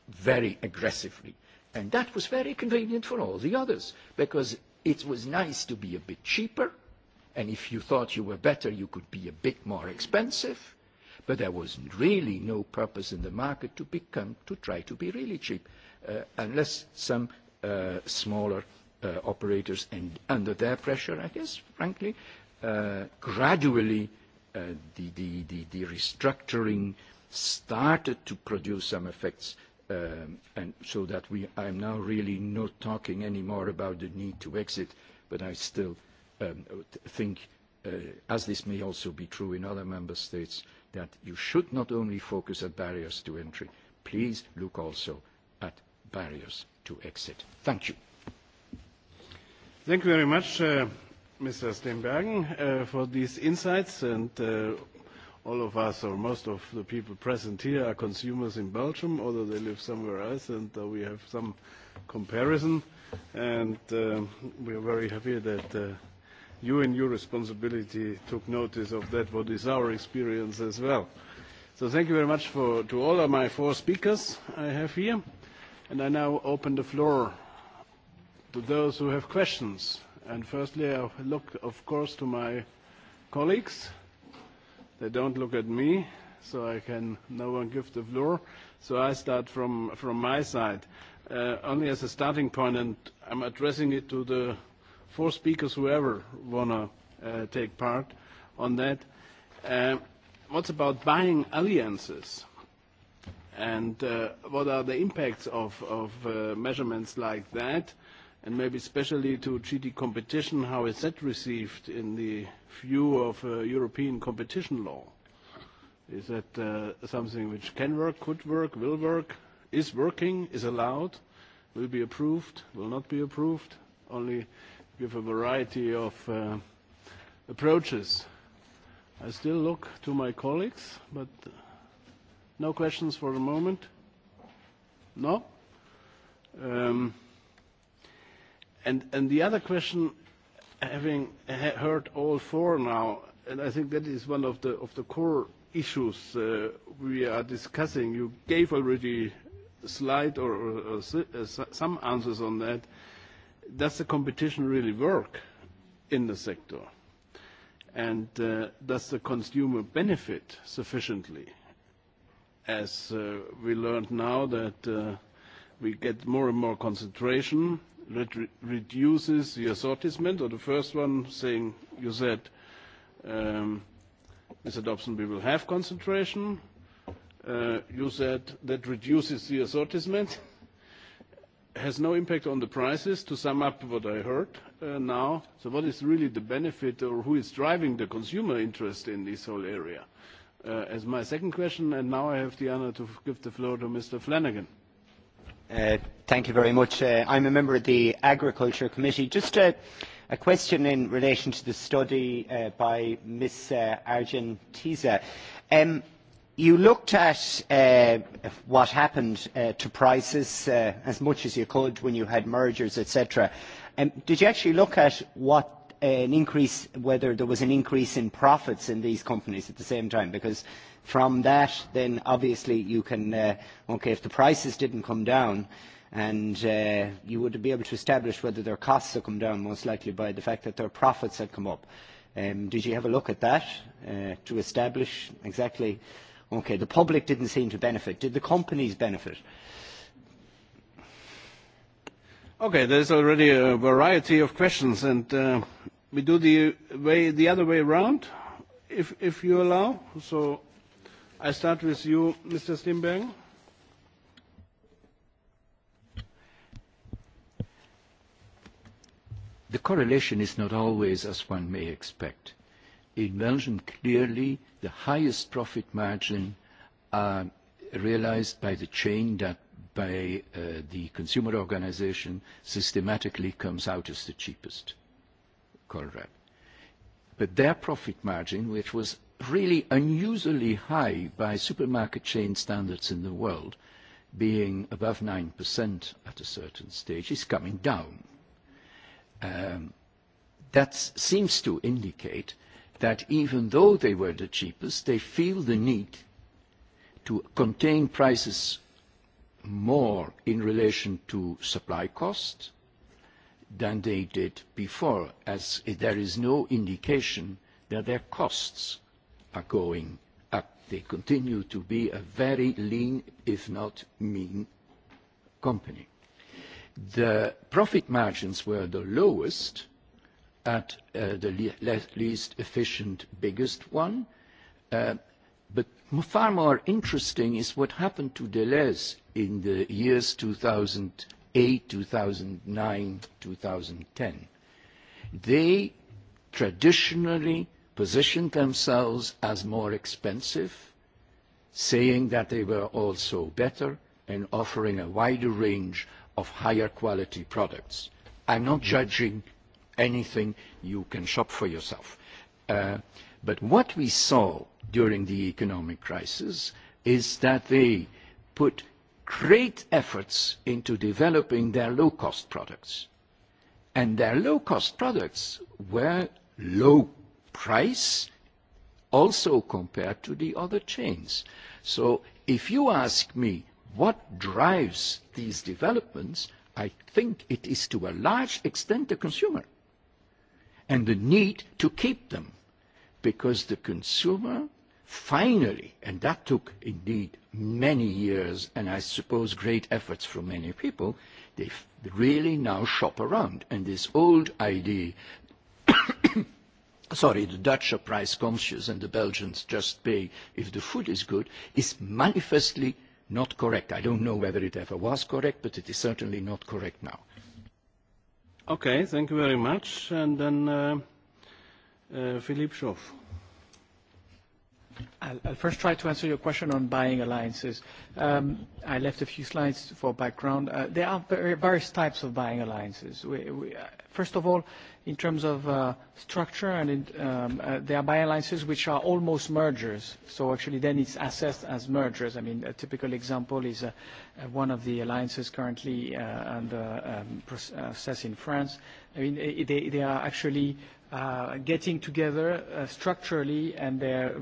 very aggressively. And that was very convenient for all the others, because it was nice to be a bit cheaper, and if you thought you were better, you could be a bit more expensive, but there was really no purpose in the market to become, to try to be really cheap, unless some smaller operators, and under their pressure, I guess, frankly, gradually the restructuring started to produce some effects and so that we am now really not talking anymore about the need to exit but I still think as this may also be true in other member states that you should not only focus at barriers to entry please look also at barriers to exit thank you thank you very much Mr. Stenbergen for these insights and all of us or most of the people present here are consumers in Belgium, although they live somewhere else, and we have some comparison. And we are very happy that you and your responsibility took notice of that, what is our experience as well. So thank you very much for to all of my four speakers I have here. And I now open the floor to those who have questions. And firstly, I look, of course, to my colleagues. They don't look at me, so I can no one give the floor. So I start from from my side, only as a starting point, and I'm addressing it to the four speakers whoever wanna take part on that. What's about buying alliances, and what are the impacts of measurements like that? and maybe especially to treaty competition, how is that received in the view of European competition law? Is that something which can work, could work, will work, is working, is allowed, will be approved, will not be approved? Only give a variety of approaches. I still look to my colleagues, but no questions for the moment. No? And the other question, having heard all four now, and I think that is one of the of the core issues we are discussing. You gave already a slide or some answers on that. Does the competition really work in the sector? And does the consumer benefit sufficiently? As we learned now that we get more and more concentration reduces the assortment. Or the first one saying, you said, Mr. Dobson, we will have concentration. You said that reduces the assortment, has no impact on the prices, to sum up what I heard now. So what is really the benefit or who is driving the consumer interest in this whole area? As my second question, and now I have the honor to give the floor to Mr. Flanagan. Thank you very much. I'm a member of the Agriculture Committee. Just a question in relation to the study by Ms. Argentiza. You looked at what happened to prices as much as you could when you had mergers, etc. Did you actually look at what an increase, whether there was an increase in profits in these companies at the same time? Because from that, then obviously you can, okay, if the prices didn't come down, and you would be able to establish whether their costs have come down most likely by the fact that their profits had come up. Did you have a look at that to establish exactly, okay, the public didn't seem to benefit. Did the companies benefit? Okay, there's already a variety of questions, and we do the way the other way around, if you allow. So I start with you, Mr. Slimberg. The correlation is not always as one may expect. In Belgium, clearly, the highest profit margin are realized by the chain that by the consumer organization systematically comes out as the cheapest. But their profit margin, which was really unusually high by supermarket chain standards in the world, being above 9% at a certain stage, is coming down. That seems to indicate that even though they were the cheapest, they feel the need to contain prices more in relation to supply cost than they did before, as there is no indication that their costs are going up. They continue to be a very lean, if not mean, company. The profit margins were the lowest at the least efficient, biggest one. But far more interesting is what happened to Deleuze in the years 2008, 2009, 2010. They traditionally positioned themselves as more expensive, saying that they were also better and offering a wider range of higher quality products. I'm not judging anything. You can shop for yourself. But what we saw during the economic crisis is that they put great efforts into developing their low-cost products. And their low-cost products were low price also compared to the other chains. So if you ask me what drives these developments, I think it is to a large extent the consumer and the need to keep them because the consumer finally, and that took indeed many years and I suppose great efforts from many people, they really now shop around. And this old idea sorry, the Dutch are price conscious and the Belgians just pay if the food is good, is manifestly not correct. I don't know whether it ever was correct, but it is certainly not correct now. Okay, thank you very much. And then Philippe Schoff. I'll first try to answer your question on buying alliances. I left a few slides for background. There are various types of buying alliances. First of all, in terms of structure, and there are buy alliances which are almost mergers. So actually then it's assessed as mergers. I mean, a typical example is one of the alliances currently under process in France. I mean, they are actually getting together structurally and they're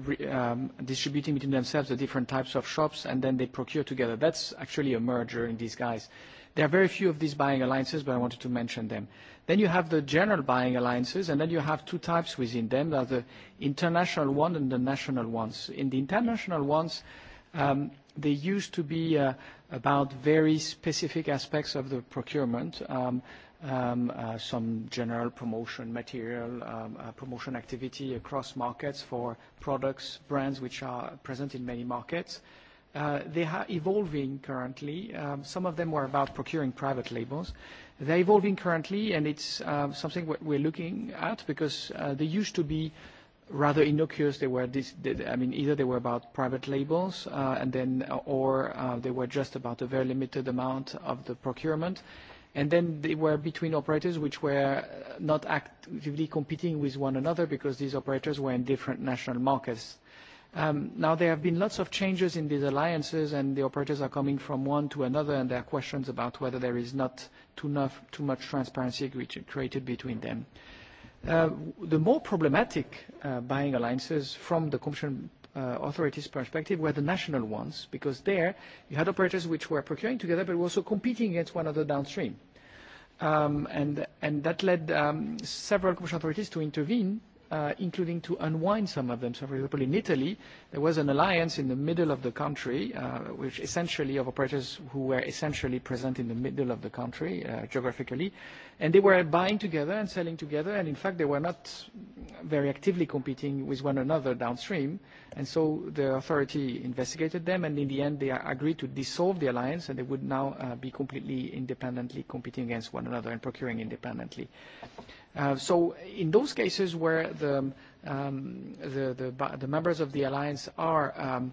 distributing between themselves the different types of shops and then they procure together. That's actually a merger in disguise. There are very few of these buying alliances, but I wanted to mention them. Then you have the general buying alliances, and then you have two types within them. There are the international ones and the national ones. In the international ones, they used to be about very specific aspects of the procurement some general promotion material, promotion activity across markets for products, brands which are present in many markets. They are evolving currently. Some of them were about procuring private labels. They're evolving currently, and it's something we're looking at because they used to be rather innocuous. They were, I mean, either they were about private labels and then, or they were just about a very limited amount of the procurement. And then they were between operators which were not actively competing with one another because these operators were in different national markets. Now there have been lots of changes in these alliances and the operators are coming from one to another and there are questions about whether there is not too much transparency created between them. The more problematic buying alliances from the Commission authorities' perspective were the national ones, because there you had operators which were procuring together but were also competing against one another downstream. And that led several commercial authorities to intervene including to unwind some of them. So, for example, in Italy, there was an alliance in the middle of the country, which essentially of operators who were essentially present in the middle of the country geographically, and they were buying together and selling together, and in fact they were not very actively competing with one another downstream, and so the authority investigated them, and in the end they agreed to dissolve the alliance, and they would now be completely independently competing against one another and procuring independently. So in those cases where the members of the alliance are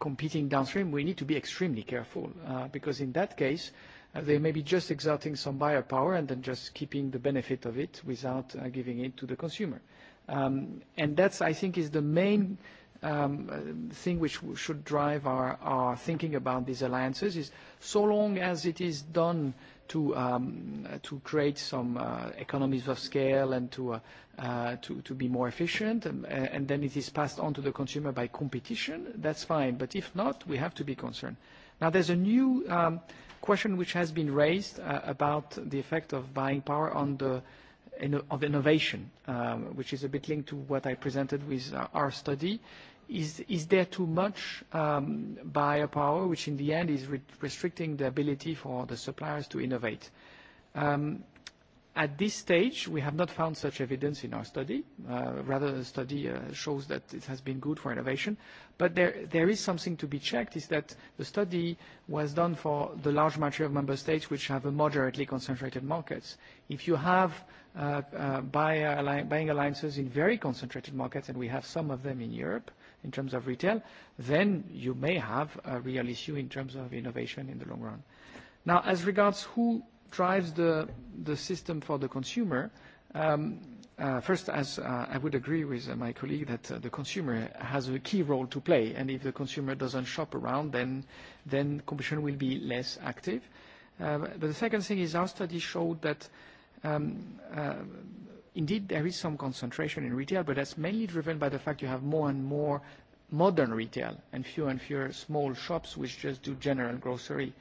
competing downstream, we need to be extremely careful because in that case, they may be just exerting some buyer power and then just keeping the benefit of it without giving it to the consumer. And that's, I think, is the main thing which should drive our thinking about these alliances is so long as it is done to create some economies of scale and to be more efficient, and then it is passed on to the consumer by competition, that's fine. But if not, we have to be concerned. Now, there's a new question which has been raised about the effect of buying power on the innovation, which is a bit linked to what I presented with our study. Is there too much buyer power, which in the end is restricting the ability for the suppliers to innovate? At this stage, we have not found such evidence in our study. Rather, the study shows that it has been good for innovation. But there is something to be checked, is that the study was done for the large majority of member states which have a moderately concentrated markets. If you have buying alliances in very concentrated markets, and we have some of them in Europe, in terms of retail, then you may have a real issue in terms of innovation in the long run. Now, as regards who drives the the system for the consumer, first, as I would agree with my colleague that the consumer has a key role to play, and if the consumer doesn't shop around, then competition will be less active. But the second thing is our study showed that Indeed, there is some concentration in retail, but that's mainly driven by the fact you have more and more modern retail and fewer and fewer small shops which just do general grocery.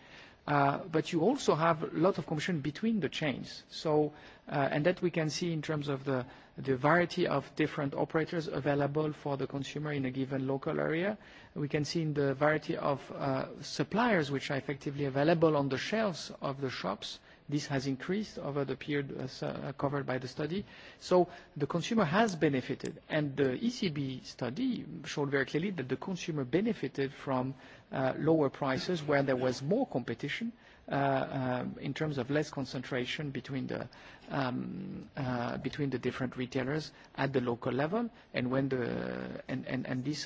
But you also have a lot of competition between the chains. So, and that we can see in terms of the variety of different operators available for the consumer in a given local area. We can see in the variety of suppliers which are effectively available on the shelves of the shops This has increased over the period covered by the study. So the consumer has benefited. And the ECB study showed very clearly that the consumer benefited from lower prices where there was more competition in terms of less concentration between the different retailers at the local level. And this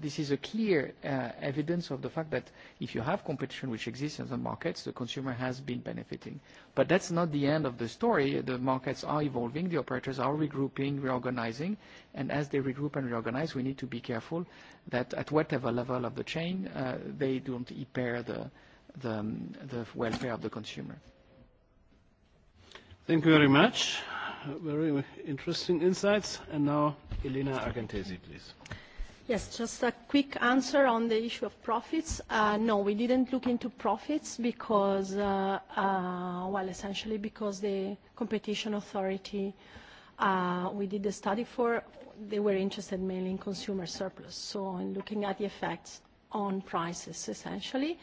this is a clear evidence of the fact that if you have competition which exists in the markets, the consumer has been benefiting. But that's not the end of the story. The markets are evolving. The operators are regrouping, reorganizing. And as they regroup and reorganize, we need to be careful that at whatever level of the chain, they don't impair the the welfare of the consumer. Thank you very much. Very interesting insights. And now, Elena Argentesi, please. Yes, just a quick answer on the issue of profits. No, we didn't look into profits because, well, essentially because the competition authority we did the study for, they were interested mainly in consumer surplus, so in looking at the effects on prices, essentially.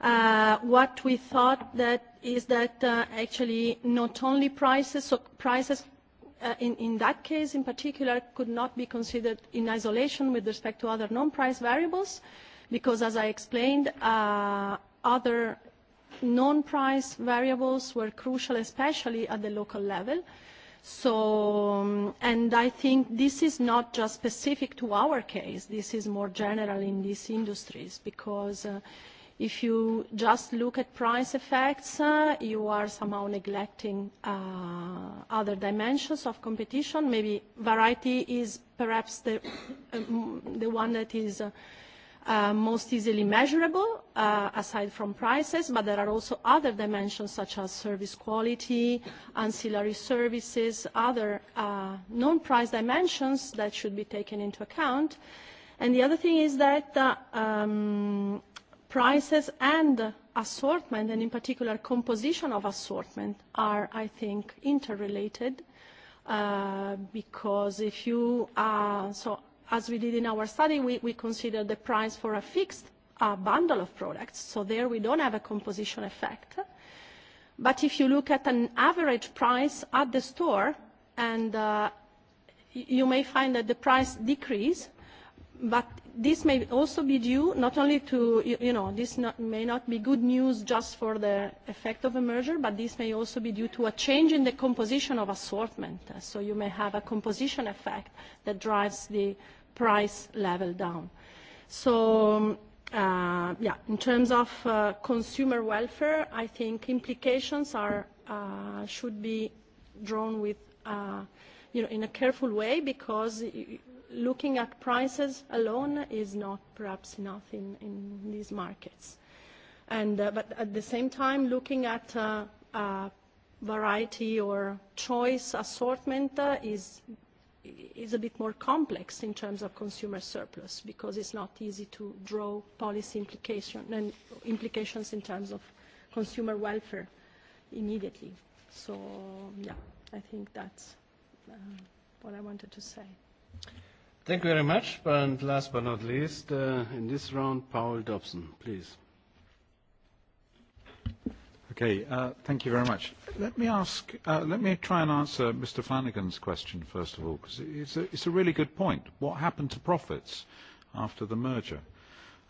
What we thought that is that actually not only prices, so prices in that case in particular could not be considered in isolation with respect to other non-price variables, because as I explained, other non-price variables were crucial, especially at the local level. So, and I think this is not just specific to our case. This is more general in these industries, because If you just look at price effects, you are somehow neglecting other dimensions of competition. Maybe variety is perhaps the one that is most easily measurable, aside from prices, but there are also other dimensions such as service quality, ancillary services, other non-price dimensions that should be taken into account. And the other thing is that prices and assortment, and in particular composition of assortment, are, I think, interrelated because if you, so as we did in our study, we, considered the price for a fixed bundle of products, so there we don't have a composition effect. But if you look at an average price at the store, and you may find that the price decrease, but this may also be due not only to, you know, this may not be good news just for the effect of a merger, but this may also be due to a change in the composition of assortment. So you may have a composition effect that drives the price level down. So, yeah, in terms of consumer welfare, I think implications are should be drawn with, you know, in a careful way because looking at prices alone is not perhaps enough in these markets. And but at the same time looking at variety or choice assortment is is a bit more complex in terms of consumer surplus because it's not easy to draw policy implications and implications in terms of consumer welfare immediately. So yeah, I think that's what I wanted to say. Thank you very much. And last but not least, in this round, Paul Dobson, please. Okay, thank you very much. Let me ask, let me try and answer Mr. Flanagan's question first of all, because it's a really good point. What happened to profits after the merger?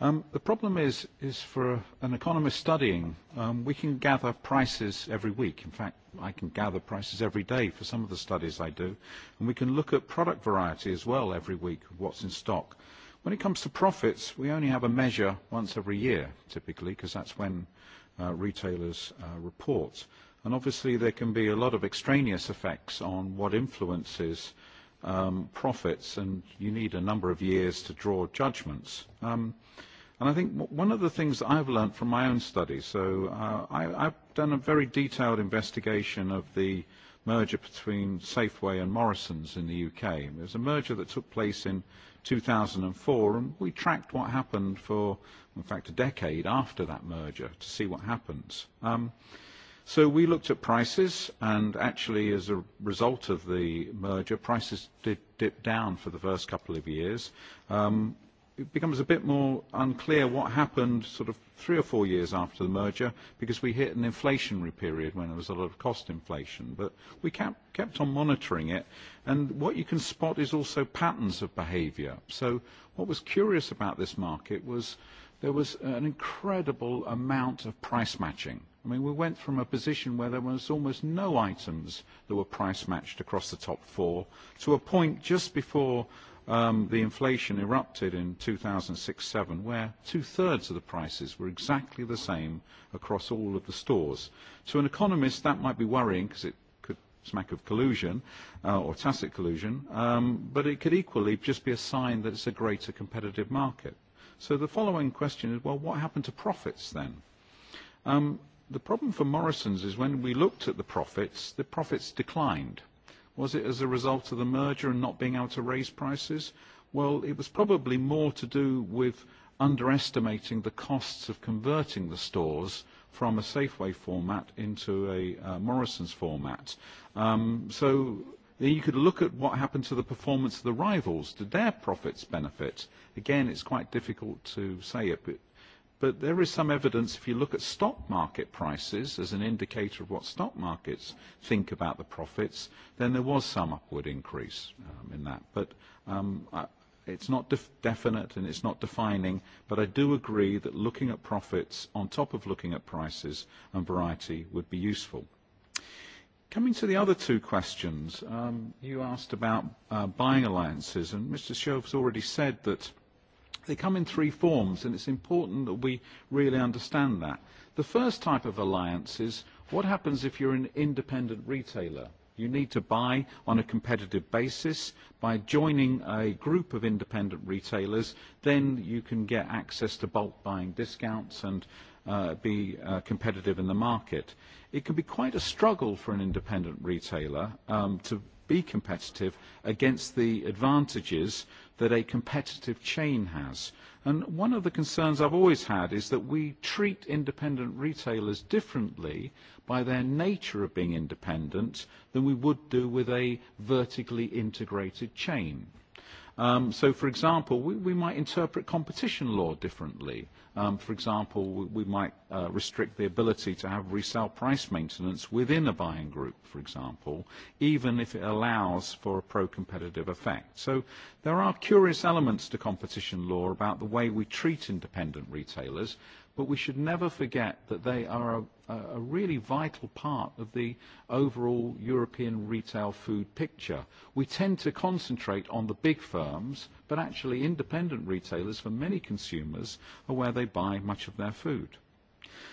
Um The problem is is for an economist studying, um, we can gather prices every week. In fact, I can gather prices every day for some of the studies I do. And we can look at product variety as well every week, what's in stock. When it comes to profits, we only have a measure once every year, typically, because that's when retailers report. And obviously there can be a lot of extraneous effects on what influences profits, and you need a number of years to draw judgments. And I think one of the things that I've learned from my own study, so I've done a very detailed investigation of the merger between Safeway and Morrison's in the UK. It was a merger that took place in 2004, and we tracked what happened for, in fact, a decade after that merger to see what happens. So we looked at prices, and actually, as a result of the merger, prices did dip down for the first couple of years. It becomes a bit more unclear what happened sort of three or four years after the merger, because we hit an inflationary period when there was a lot of cost inflation. But we kept on monitoring it, and what you can spot is also patterns of behavior. So what was curious about this market was there was an incredible amount of price matching I mean, we went from a position where there was almost no items that were price matched across the top four to a point just before the inflation erupted in 2006-07 where two-thirds of the prices were exactly the same across all of the stores. To an economist, that might be worrying because it could smack of collusion or tacit collusion, but it could equally just be a sign that it's a greater competitive market. So the following question is, well, what happened to profits then? The problem for Morrison's is when we looked at the profits, the profits declined. Was it as a result of the merger and not being able to raise prices? Well, it was probably more to do with underestimating the costs of converting the stores from a Safeway format into a Morrison's format. So you could look at what happened to the performance of the rivals. Did their profits benefit? Again, it's quite difficult to say it But there is some evidence, if you look at stock market prices as an indicator of what stock markets think about the profits, then there was some upward increase in that. But it's not definite and it's not defining, but I do agree that looking at profits on top of looking at prices and variety would be useful. Coming to the other two questions, you asked about buying alliances, and Mr. has already said that They come in three forms, and it's important that we really understand that. The first type of alliance is what happens if you're an independent retailer. You need to buy on a competitive basis. By joining a group of independent retailers, then you can get access to bulk buying discounts and be competitive in the market. It can be quite a struggle for an independent retailer to be competitive against the advantages that a competitive chain has. And one of the concerns I've always had is that we treat independent retailers differently by their nature of being independent than we would do with a vertically integrated chain. So, for example, we might interpret competition law differently. For example, we might restrict the ability to have resale price maintenance within a buying group, for example, even if it allows for a pro-competitive effect. So there are curious elements to competition law about the way we treat independent retailers, but we should never forget that they are a really vital part of the overall European retail food picture. We tend to concentrate on the big firms, but actually independent retailers, for many consumers, are where they buy much of their food.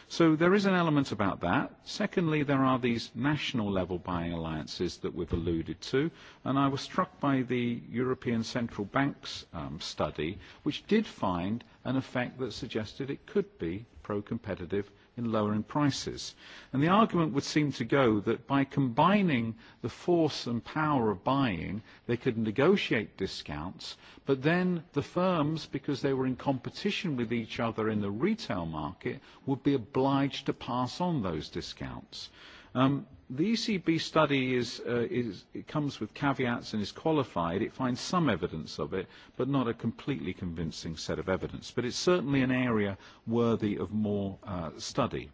So there is an element about that. Secondly, there are these national level buying alliances that we've alluded to, and I was struck by the European Central Bank's study, which did find an effect that suggested it could be pro-competitive in lowering prices. And the argument would seem to go that by combining the force and power of buying, they could negotiate discounts, but then the firms, because they were in competition with each other in the retail market, would be obliged to pass on those discounts. Um, The ECB study is it comes with caveats and is qualified. It finds some evidence of it, but not a completely convincing set of evidence. But it's certainly an area worthy of more study.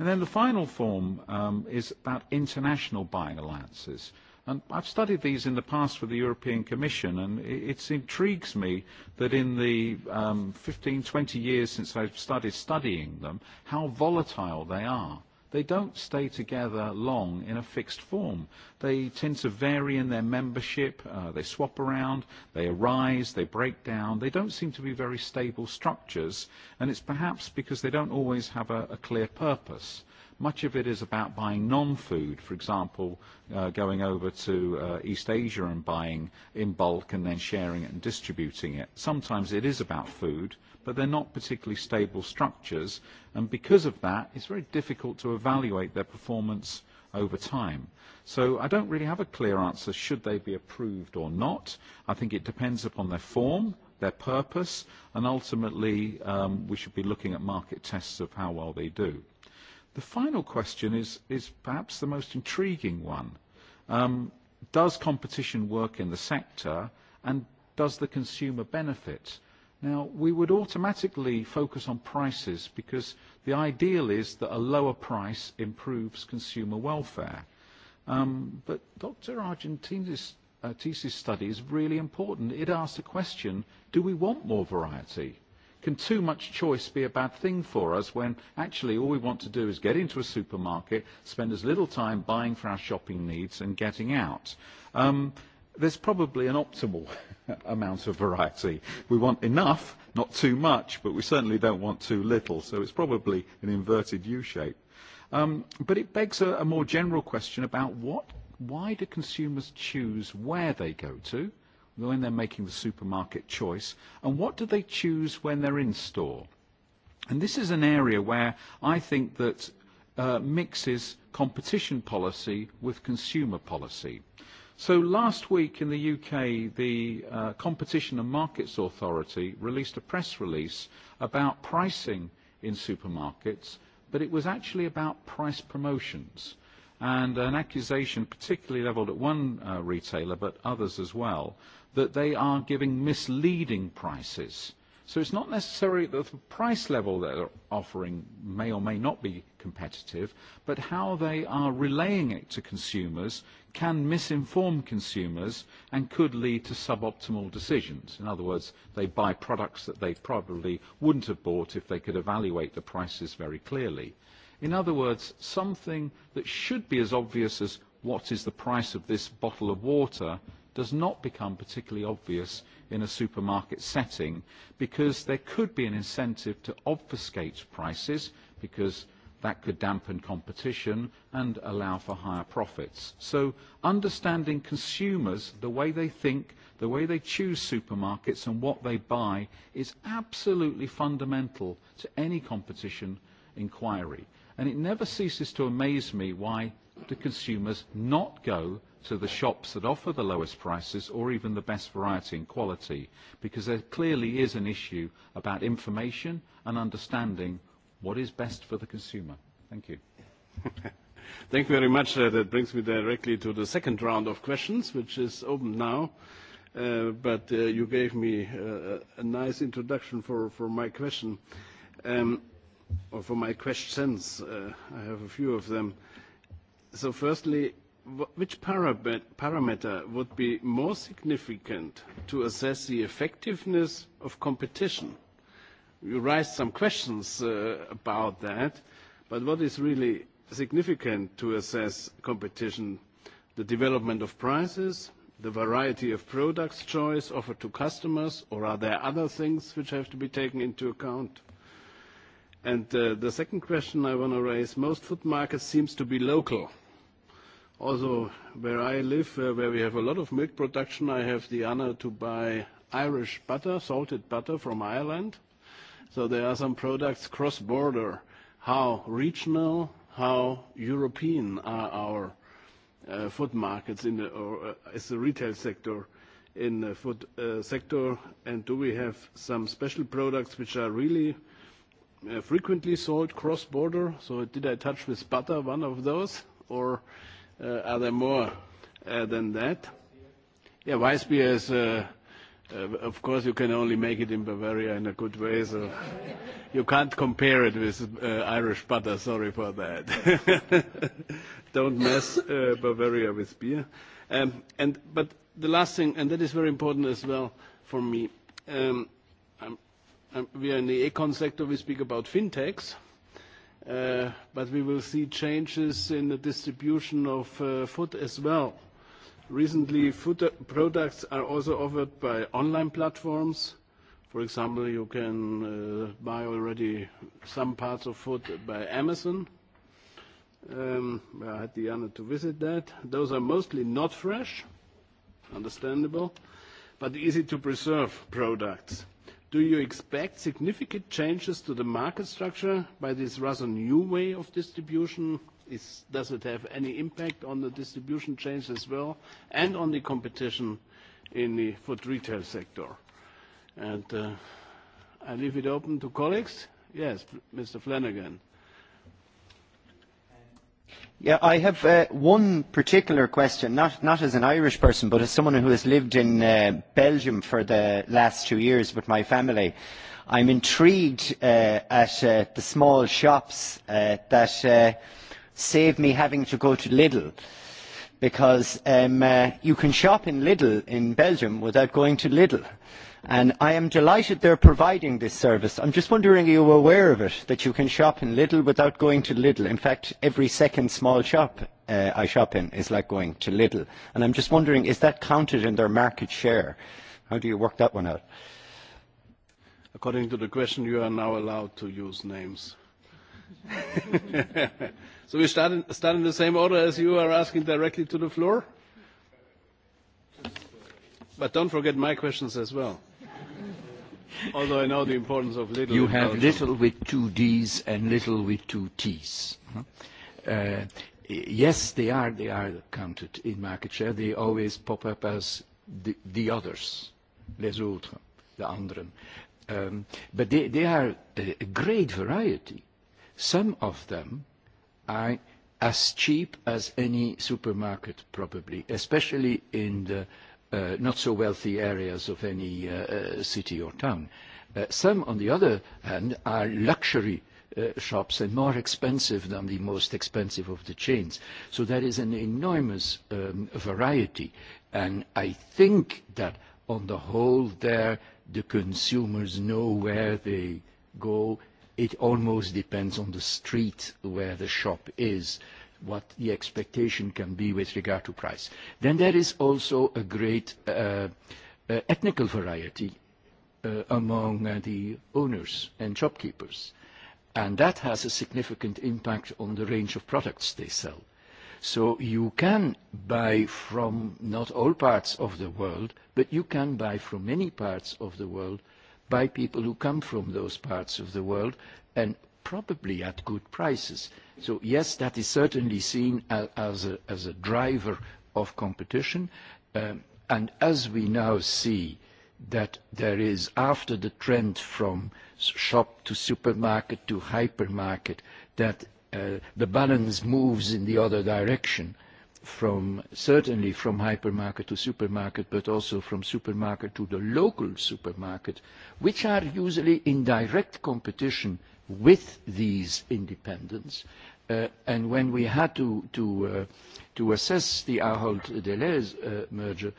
And then the final form is about international buying alliances. And I've studied these in the past with the European Commission, and it intrigues me that in the 15, 20 years since I've started studying them, how volatile they are They don't stay together long in a fixed form. They tend to vary in their membership. They swap around. They arise. They break down. They don't seem to be very stable structures, and it's perhaps because they don't always have a clear purpose. Much of it is about buying non-food, for example, going over to East Asia and buying in bulk and then sharing it and distributing it. Sometimes it is about food but they're not particularly stable structures, and because of that, it's very difficult to evaluate their performance over time. So I don't really have a clear answer should they be approved or not. I think it depends upon their form, their purpose, and ultimately we should be looking at market tests of how well they do. The final question is perhaps the most intriguing one. Does competition work in the sector, and does the consumer benefit? Now, we would automatically focus on prices because the ideal is that a lower price improves consumer welfare. But Dr. Argentini's study is really important. It asks the question, do we want more variety? Can too much choice be a bad thing for us when actually all we want to do is get into a supermarket, spend as little time buying for our shopping needs and getting out? There's probably an optimal amount of variety. We want enough, not too much, but we certainly don't want too little, so it's probably an inverted U shape. But it begs a more general question about what why do consumers choose where they go to when they're making the supermarket choice, and what do they choose when they're in store? And this is an area where I think that mixes competition policy with consumer policy. So last week in the UK, the Competition and Markets Authority released a press release about pricing in supermarkets, but it was actually about price promotions and an accusation particularly levelled at one retailer, but others as well, that they are giving misleading prices So it's not necessarily that the price level that they're offering may or may not be competitive, but how they are relaying it to consumers can misinform consumers and could lead to suboptimal decisions. In other words, they buy products that they probably wouldn't have bought if they could evaluate the prices very clearly. In other words, something that should be as obvious as what is the price of this bottle of water does not become particularly obvious in a supermarket setting because there could be an incentive to obfuscate prices because that could dampen competition and allow for higher profits. So understanding consumers, the way they think, the way they choose supermarkets and what they buy is absolutely fundamental to any competition inquiry. And it never ceases to amaze me why do consumers not go to the shops that offer the lowest prices or even the best variety and quality, because there clearly is an issue about information and understanding what is best for the consumer. Thank you. Thank you very much. That brings me directly to the second round of questions, which is open now. But you gave me a nice introduction for my question, or for my questions. I have a few of them. So firstly, which parameter would be more significant to assess the effectiveness of competition? You raised some questions about that, but what is really significant to assess competition? The development of prices, the variety of products choice offered to customers, or are there other things which have to be taken into account? And the second question I want to raise, most food markets seems to be local Also, where I live, where we have a lot of milk production, I have the honor to buy Irish butter, salted butter from Ireland. So there are some products cross-border. How regional, how European are our food markets in the, or is the retail sector in the food sector, and do we have some special products which are really frequently sold cross-border? So did I touch with butter one of those, or are there more than that? Yeah, Weissbier is, of course, you can only make it in Bavaria in a good way, so you can't compare it with Irish butter. Sorry for that. Don't mess Bavaria with beer. And but the last thing, and that is very important as well for me. We are in the econ sector. We speak about fintechs but we will see changes in the distribution of food as well. Recently, food products are also offered by online platforms. For example, you can buy already some parts of food by Amazon. I had the honor to visit that. Those are mostly not fresh, understandable, but easy to preserve products. Do you expect significant changes to the market structure by this rather new way of distribution? Does it have any impact on the distribution change as well and on the competition in the food retail sector? And I leave it open to colleagues. Yes, Mr. Flanagan. Yeah, I have one particular question, not not as an Irish person, but as someone who has lived in Belgium for the last two years with my family. I'm intrigued at the small shops that save me having to go to Lidl, because you can shop in Lidl in Belgium without going to Lidl and I am delighted they're providing this service. I'm just wondering, are you aware of it, that you can shop in Lidl without going to Lidl? In fact, every second small shop I shop in is like going to Lidl. And I'm just wondering, is that counted in their market share? How do you work that one out? According to the question, you are now allowed to use names. So we start in the same order as you are asking directly to the floor? But don't forget my questions as well. Although I know the importance of little. You have little with two Ds and little with two Ts. Yes, they are they are counted in market share. They always pop up as the others, les autres, the anderen. But they they are a great variety. Some of them are as cheap as any supermarket probably, especially in the not so wealthy areas of any city or town. Some, on the other hand, are luxury shops and more expensive than the most expensive of the chains. So there is an enormous variety. And I think that, on the whole, there the consumers know where they go. It almost depends on the street where the shop is what the expectation can be with regard to price. Then there is also a great ethnical variety among the owners and shopkeepers, and that has a significant impact on the range of products they sell. So you can buy from not all parts of the world, but you can buy from many parts of the world by people who come from those parts of the world and probably at good prices. So yes, that is certainly seen as a driver of competition. And as we now see that there is, after the trend from shop to supermarket to hypermarket, that the balance moves in the other direction, from certainly from hypermarket to supermarket, but also from supermarket to the local supermarket, which are usually in direct competition with these independents. And when we had to assess the Ahold-Delhaize merger,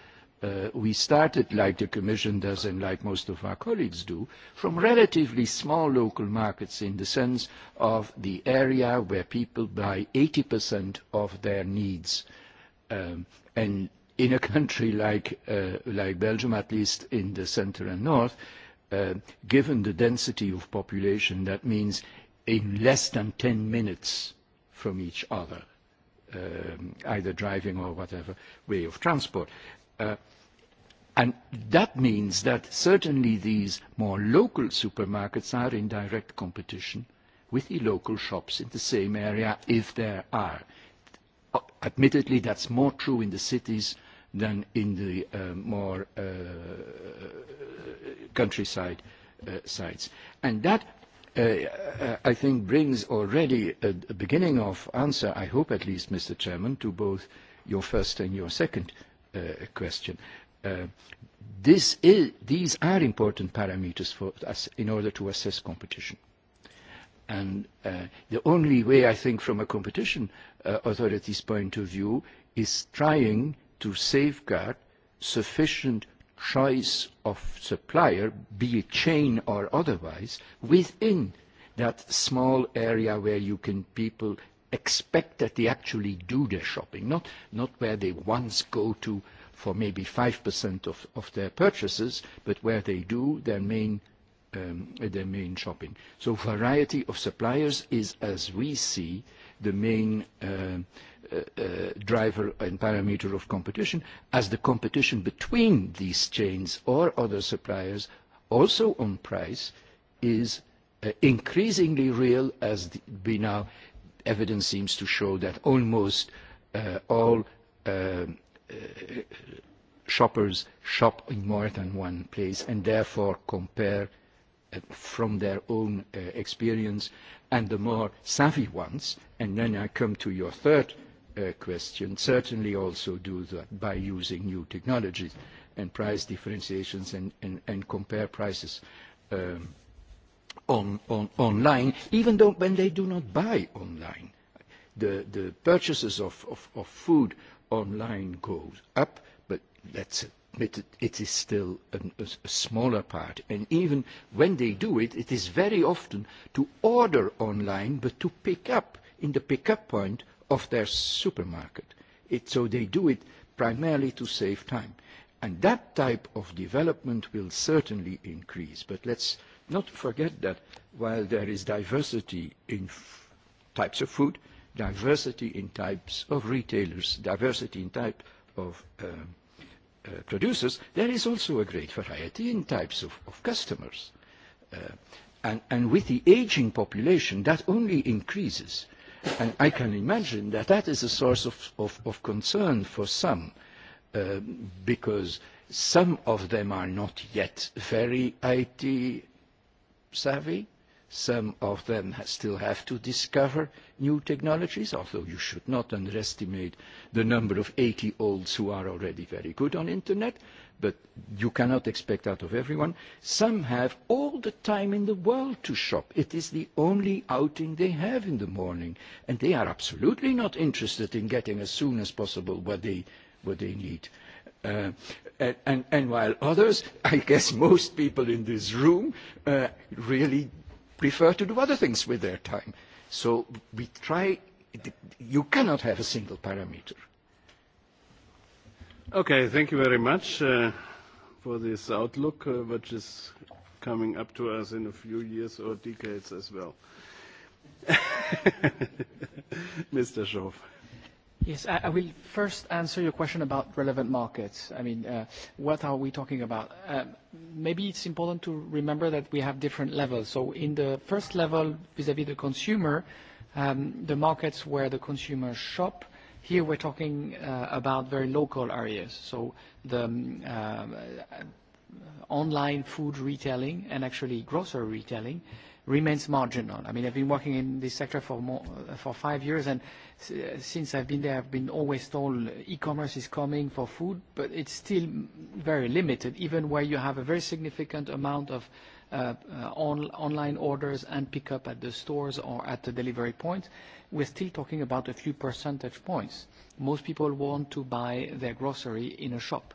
we started, like the Commission does and like most of our colleagues do, from relatively small local markets in the sense of the area where people buy 80% of their needs. And in a country like Belgium, at least in the centre and north, given the density of population, that means in less than 10 minutes from each other, either driving or whatever way of transport. And that means that certainly these more local supermarkets are in direct competition with the local shops in the same area, if there are. Admittedly, that's more true in the cities than in the more countryside sites. And that, I think, brings already a beginning of answer, I hope at least, Mr. Chairman, to both your first and your second question. This is These are important parameters for us in order to assess competition. And the only way, I think, from a competition authority's point of view, is trying to safeguard sufficient choice of supplier, be it chain or otherwise, within that small area where you can people expect that they actually do their shopping, not not where they once go to for maybe 5% of of their purchases, but where they do their main their main shopping. So variety of suppliers is, as we see, the main driver and parameter of competition as the competition between these chains or other suppliers, also on price, is increasingly real as we now evidence seems to show that almost all shoppers shop in more than one place and therefore compare from their own experience and the more savvy ones. And then I come to your third question, certainly also do that by using new technologies and price differentiations and compare prices online, even though when they do not buy online. The purchases of food online goes up, but let's admit it, it is still a smaller part. And even when they do it, it is very often to order online, but to pick up in the pick-up point of their supermarket. So they do it primarily to save time. And that type of development will certainly increase. But let's not forget that while there is diversity in types of food, diversity in types of retailers, diversity in type of producers, there is also a great variety in types of customers. And with the aging population, that only increases. And I can imagine that that is a source of concern for some, because some of them are not yet very IT savvy Some of them still have to discover new technologies, although you should not underestimate the number of 80-olds who are already very good on Internet, but you cannot expect out of everyone. Some have all the time in the world to shop. It is the only outing they have in the morning, and they are absolutely not interested in getting as soon as possible what they need. And while others, I guess most people in this room, really prefer to do other things with their time. So we try, you cannot have a single parameter. Okay, thank you very much for this outlook, which is coming up to us in a few years or decades as well. Mr. Schoff. Yes, I will first answer your question about relevant markets. I mean, what are we talking about? Maybe it's important to remember that we have different levels. So in the first level, vis-à-vis the consumer, the markets where the consumers shop, here we're talking about very local areas. So the online food retailing and actually grocery retailing remains marginal. I mean, I've been working in this sector for more for five years, and since I've been there, I've been always told e-commerce is coming for food, but it's still very limited, even where you have a very significant amount of online orders and pickup at the stores or at the delivery point. We're still talking about a few percentage points. Most people want to buy their grocery in a shop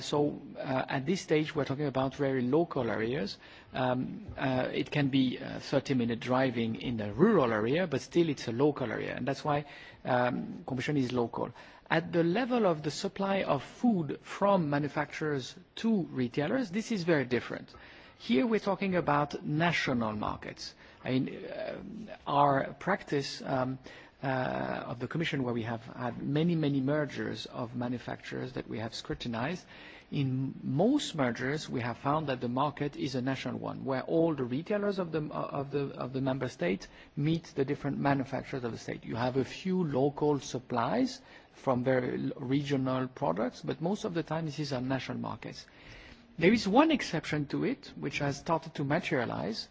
So at this stage, we're talking about very local areas. It can be 30-minute driving in a rural area, but still it's a local area, and that's why competition is local. At the level of the supply of food from manufacturers to retailers, this is very different. Here we're talking about national markets. I our practice of the Commission, where we have had many, many mergers of manufacturers that we have scrutinized. In most mergers, we have found that the market is a national one, where all the retailers of the member state meet the different manufacturers of the state. You have a few local supplies from very regional products, but most of the time this is on national markets. There is one exception to it, which has started to materialize,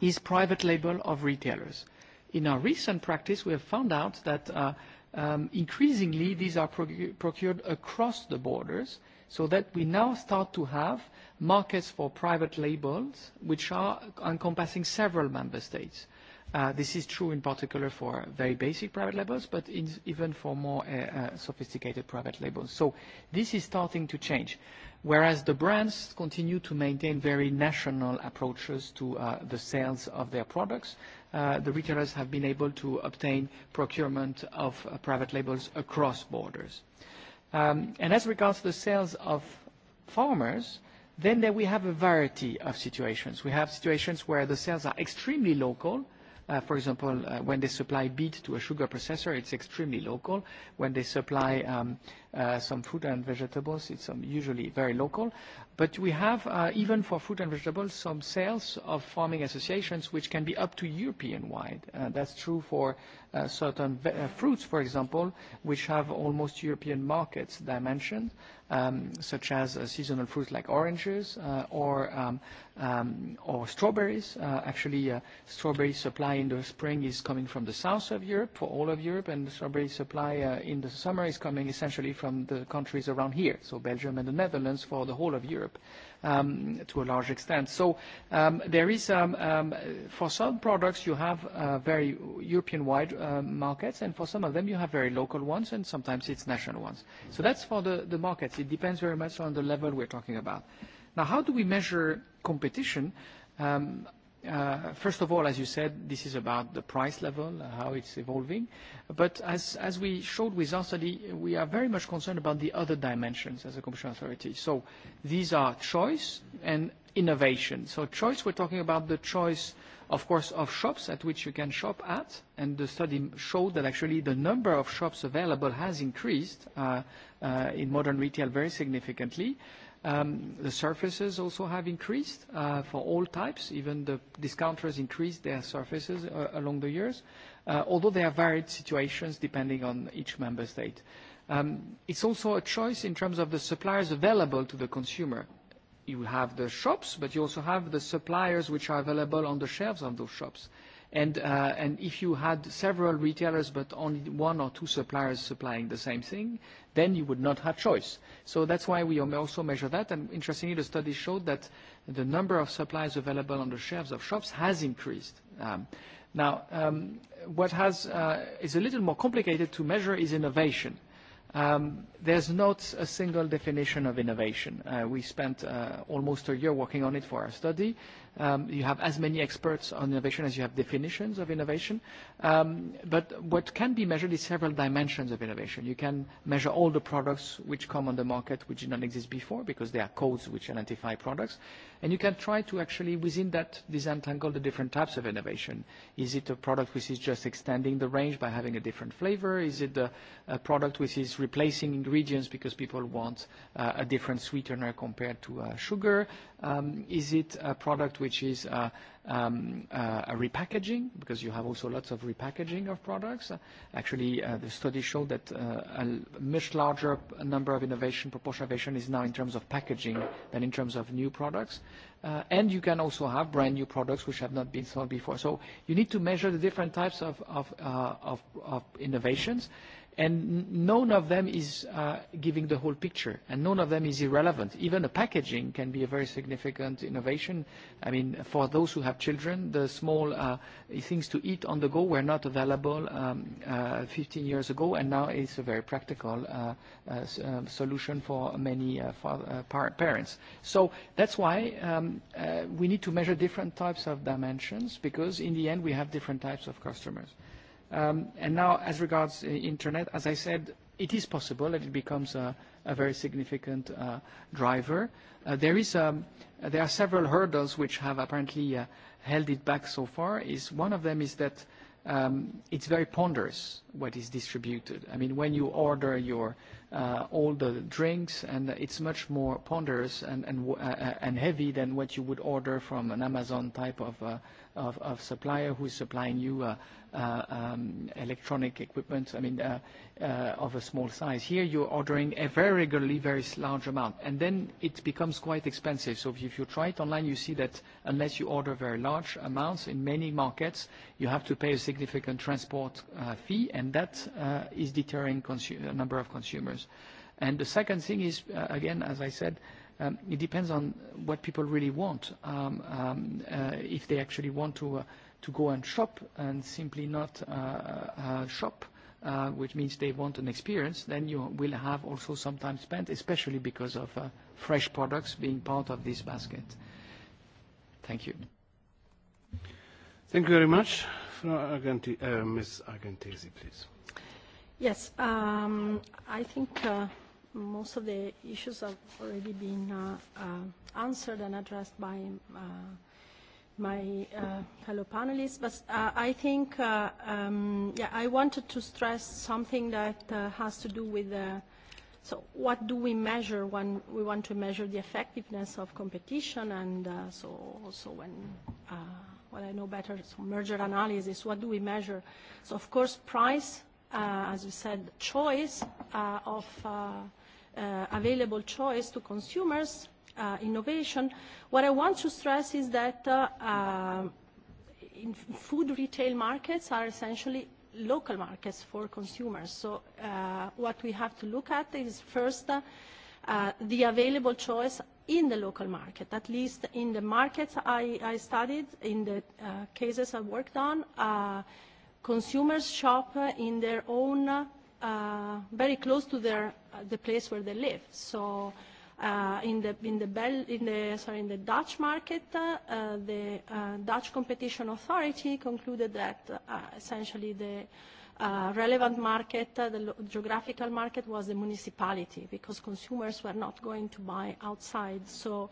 is private label of retailers in our recent practice, we have found out that increasingly these are procured across the borders, so that we now start to have markets for private labels which are encompassing several member states. This is true in particular for very basic private labels, but even for more sophisticated private labels. So this is starting to change whereas the brands continue to maintain very national approaches to the sales of their products. The retailers have been able to obtain procurement of private labels across borders. And as regards the sales of farmers, then we have a variety of situations. We have situations where the sales are extremely local, For example, when they supply beet to a sugar processor, it's extremely local. When they supply some fruit and vegetables, it's usually very local. But we have, even for fruit and vegetables, some sales of farming associations which can be up to European-wide. That's true for certain fruits, for example, which have almost European markets dimension, such as seasonal fruits like oranges or strawberries. Actually, strawberry supply in the spring is coming from the south of Europe, for all of Europe, and the strawberry supply in the summer is coming essentially from the countries around here, so Belgium and the Netherlands for the whole of Europe Europe to a large extent. So there is, for some products, you have very European-wide markets, and for some of them, you have very local ones, and sometimes it's national ones. So that's for the markets. It depends very much on the level we're talking about. Now, how do we measure competition? First of all, as you said, this is about the price level, how it's evolving. But as we showed with our study, we are very much concerned about the other dimensions as a competition authority. So these are choice and innovation. So choice, we're talking about the choice, of course, of shops at which you can shop at. And the study showed that actually the number of shops available has increased in modern retail very significantly. The surfaces also have increased for all types. Even the discounters increased their surfaces along the years, although there are varied situations depending on each member state. It's also a choice in terms of the suppliers available to the consumer. You have the shops, but you also have the suppliers which are available on the shelves of those shops. And if you had several retailers but only one or two suppliers supplying the same thing, then you would not have choice. So that's why we also measure that. And interestingly, the study showed that the number of suppliers available on the shelves of shops has increased. Now, what is a little more complicated to measure is innovation. There's not a single definition of innovation. We spent almost a year working on it for our study. You have as many experts on innovation as you have definitions of innovation. But what can be measured is several dimensions of innovation. You can measure all the products which come on the market which did not exist before because there are codes which identify products. And you can try to actually, within that, disentangle the different types of innovation. Is it a product which is just extending the range by having a different flavor? Is it a product which is replacing ingredients because people want a different sweetener compared to sugar? Is it a product which is a repackaging, because you have also lots of repackaging of products. Actually, the study showed that a much larger number of innovation, proportion of innovation is now in terms of packaging than in terms of new products. And you can also have brand new products which have not been sold before. So you need to measure the different types of innovations and none of them is giving the whole picture, and none of them is irrelevant. Even a packaging can be a very significant innovation. I mean, for those who have children, the small things to eat on the go were not available 15 years ago, and now it's a very practical solution for many parents. So that's why we need to measure different types of dimensions, because in the end we have different types of customers. And now, as regards Internet, as I said, it is possible that it becomes a very significant driver. There are several hurdles which have apparently held it back so far. One of them is that it's very ponderous what is distributed. I mean, when you order your all the drinks, and it's much more ponderous and heavy than what you would order from an Amazon type of supplier who is supplying you electronic equipment, I mean, of a small size. Here you're ordering a very regularly very large amount, and then it becomes quite expensive. So if you try it online, you see that unless you order very large amounts in many markets, you have to pay a significant transport fee, and that is deterring a number of consumers. And the second thing is, again, as I said, it depends on what people really want. If they actually want to go and shop and simply not shop, which means they want an experience, then you will have also some time spent, especially because of fresh products being part of this basket. Thank you. Thank you very much. Ms. Argentesi, please. Yes, I think most of the issues have already been answered and addressed by my fellow panelists, but I think yeah, I wanted to stress something that has to do with so what do we measure when we want to measure the effectiveness of competition and so also when well I know better, so merger analysis, what do we measure? So of course price as we said, choice of available choice to consumers, innovation. What I want to stress is that in food retail markets are essentially local markets for consumers. So what we have to look at is first the available choice in the local market. At least in the markets I studied, in the cases I worked on, consumers shop in their own, very close to their the place where they live. So in the in the in the sorry in the Dutch market, the Dutch competition authority concluded that essentially the relevant market, the geographical market, was the municipality because consumers were not going to buy outside. So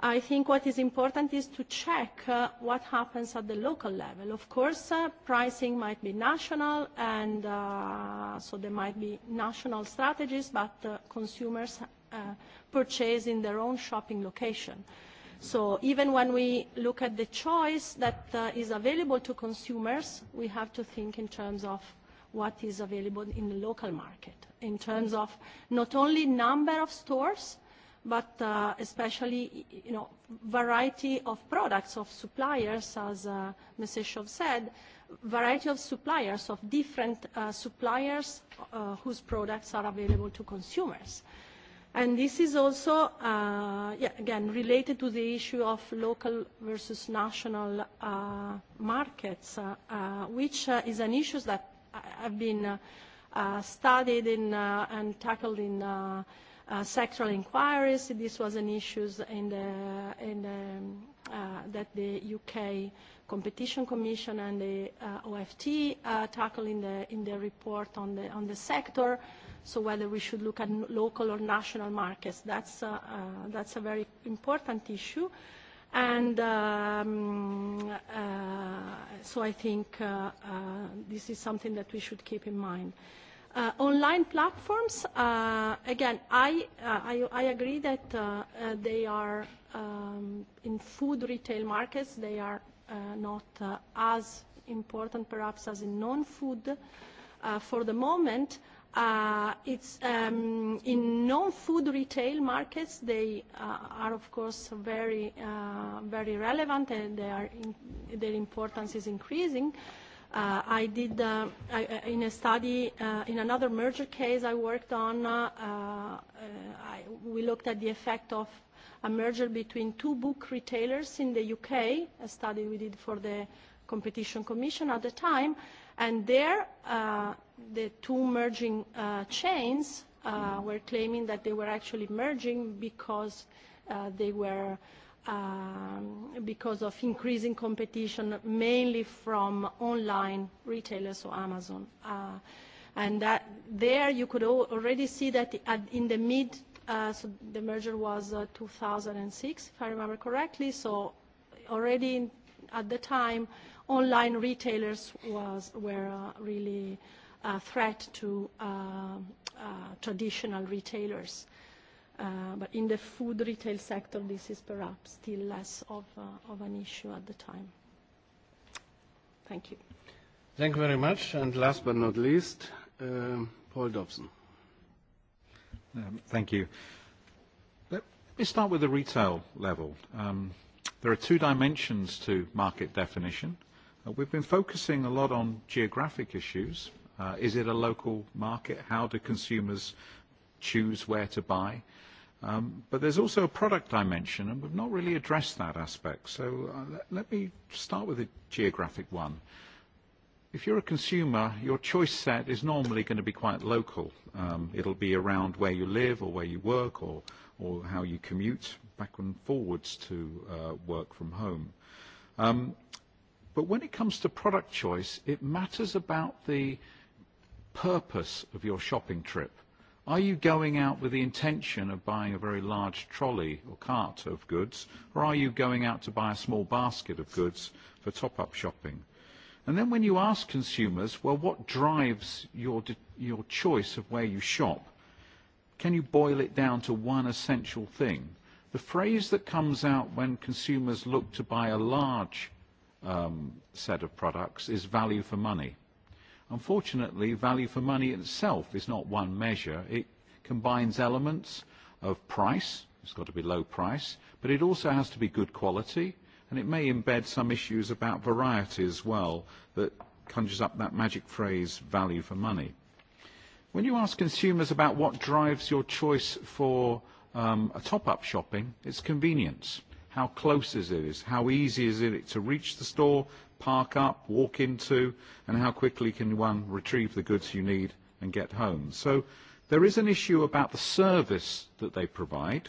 I think what is important is to check what happens at the local level. Of course, pricing might be national, and so there might be national strategies, but consumers purchase in their own shopping location. So even when we look at the choice that is available to consumers, we have to think in terms of what is available in the local market, in terms of not only number of stores, but especially you know variety of products of suppliers as Mrs. Shov said variety of suppliers of different suppliers whose products are available to consumers and this is also again related to the issue of local versus national markets which is an issue that have been studied and tackled in sectoral inquiries. This was an issue in the, in that the UK Competition Commission and the OFT tackle in the in the report on the on the sector. So whether we should look at local or national markets, that's that's a very important issue. And so I think this is something that we should keep in mind. Online platforms, again, I I agree that they are in food retail markets, they are not as important perhaps as in non-food. For the moment, it's in non-food retail markets they are of course very very relevant and their importance is increasing. I did in a study in another merger case I worked on. We looked at the effect of a merger between two book retailers in the UK, a study we did for the Competition Commission at the time, and there the two merging chains were claiming that they were actually merging because they were because of increasing competition, mainly from online retailers, so Amazon. And that there you could already see that in the mid, so the merger was 2006, if I remember correctly, so already at the time, online retailers was were really a threat to traditional retailers. But in the food retail sector, this is perhaps still less of an issue at the time. Thank you. Thank you very much. And last but not least, Paul Dobson. Thank you. Let me start with the retail level. There are two dimensions to market definition. We've been focusing a lot on geographic issues. Is it a local market? How do consumers choose where to buy? But there's also a product dimension, and we've not really addressed that aspect. So let me start with a geographic one. If you're a consumer, your choice set is normally going to be quite local. It'll be around where you live or where you work or how you commute back and forwards to work from home. But when it comes to product choice, it matters about the purpose of your shopping trip. Are you going out with the intention of buying a very large trolley or cart of goods, or are you going out to buy a small basket of goods for top-up shopping? And then when you ask consumers, well, what drives your your choice of where you shop, can you boil it down to one essential thing? The phrase that comes out when consumers look to buy a large set of products is value for money. Unfortunately, value for money itself is not one measure. It combines elements of price, it's got to be low price, but it also has to be good quality, and it may embed some issues about variety as well that conjures up that magic phrase, value for money. When you ask consumers about what drives your choice for a top-up shopping, it's convenience. How close is it? How easy is it to reach the store park up, walk into, and how quickly can one retrieve the goods you need and get home. So there is an issue about the service that they provide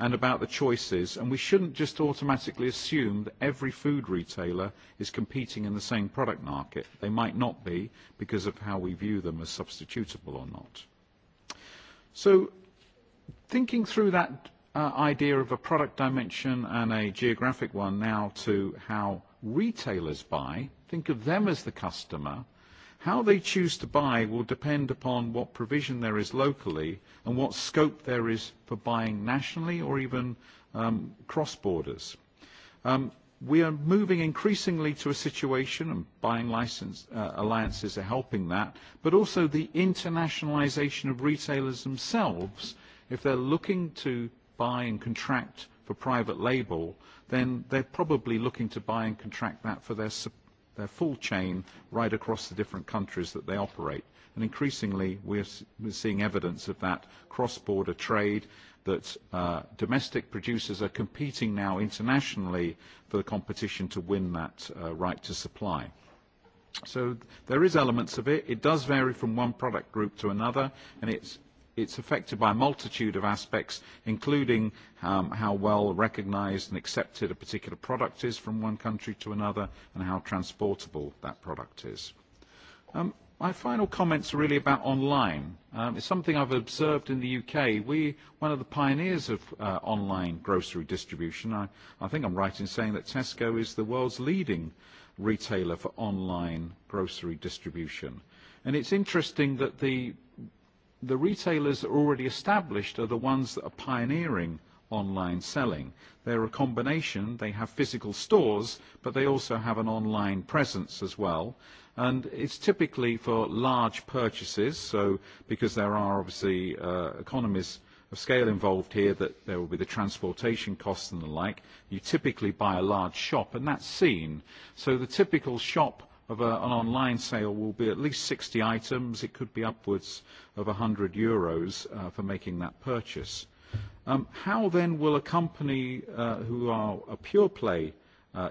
and about the choices, and we shouldn't just automatically assume that every food retailer is competing in the same product market. They might not be because of how we view them as substitutable or not. So thinking through that idea of a product dimension and a geographic one now to how retailers buy, think of them as the customer. How they choose to buy will depend upon what provision there is locally and what scope there is for buying nationally or even cross borders. We are moving increasingly to a situation, and buying license alliances are helping that, but also the internationalization of retailers themselves. If they're looking to buy and contract for private label, then they're probably looking to buy and contract that for their their full chain right across the different countries that they operate. And increasingly, we're seeing evidence of that cross-border trade, that domestic producers are competing now internationally for the competition to win that right to supply. So there is elements of it. It does vary from one product group to another, and it's it's affected by a multitude of aspects, including how well recognized and accepted a particular product is from one country to another and how transportable that product is. My final comments are really about online. It's something I've observed in the UK. We one of the pioneers of online grocery distribution. I think I'm right in saying that Tesco is the world's leading retailer for online grocery distribution. And it's interesting that the the retailers that are already established are the ones that are pioneering online selling. They're a combination. They have physical stores, but they also have an online presence as well. And it's typically for large purchases, so because there are obviously economies of scale involved here, that there will be the transportation costs and the like. You typically buy a large shop, and that's seen. So the typical shop of an online sale will be at least 60 items. It could be upwards of 100 euros for making that purchase. Um How then will a company who are a pure-play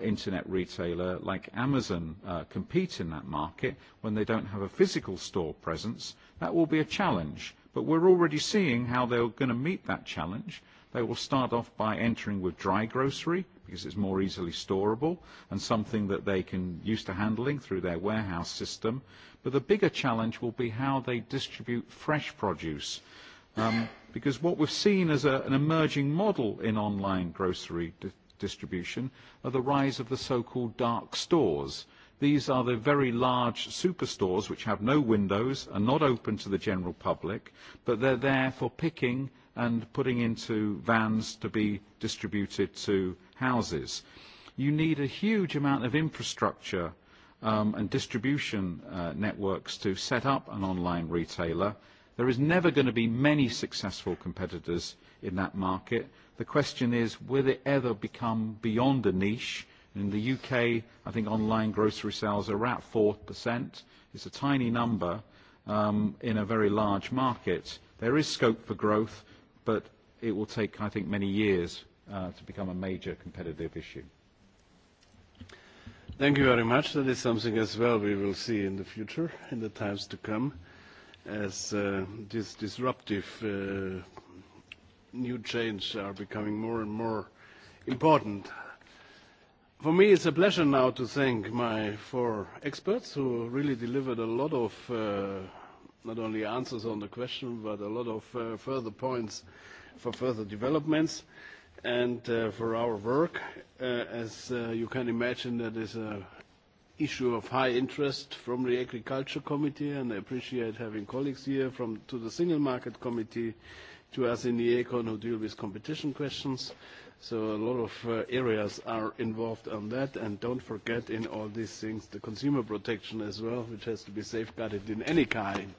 internet retailer like Amazon compete in that market when they don't have a physical store presence? That will be a challenge. But we're already seeing how they're going to meet that challenge. They will start off by entering with dry grocery because it's more easily storable and something that they can use to handling through their warehouse system. But the bigger challenge will be how they distribute fresh produce. Because what we've seen as an emerging model in online grocery distribution are the rise of the so-called dark stores These are the very large superstores which have no windows, and not open to the general public, but they're there for picking and putting into vans to be distributed to houses. You need a huge amount of infrastructure and distribution networks to set up an online retailer. There is never going to be many successful competitors in that market. The question is, will it ever become beyond a niche? In the UK, I think online grocery sales are at 4%. It's a tiny number in a very large market. There is scope for growth, but it will take, I think, many years to become a major competitive issue. Thank you very much. That is something as well we will see in the future, in the times to come, as this disruptive new change are becoming more and more important For me, it's a pleasure now to thank my four experts who really delivered a lot of not only answers on the question, but a lot of further points for further developments and for our work. As you can imagine, that is an issue of high interest from the Agriculture Committee, and I appreciate having colleagues here from to the Single Market Committee, to us in the ECON who deal with competition questions So a lot of areas are involved on that. And don't forget in all these things the consumer protection as well, which has to be safeguarded in any kind.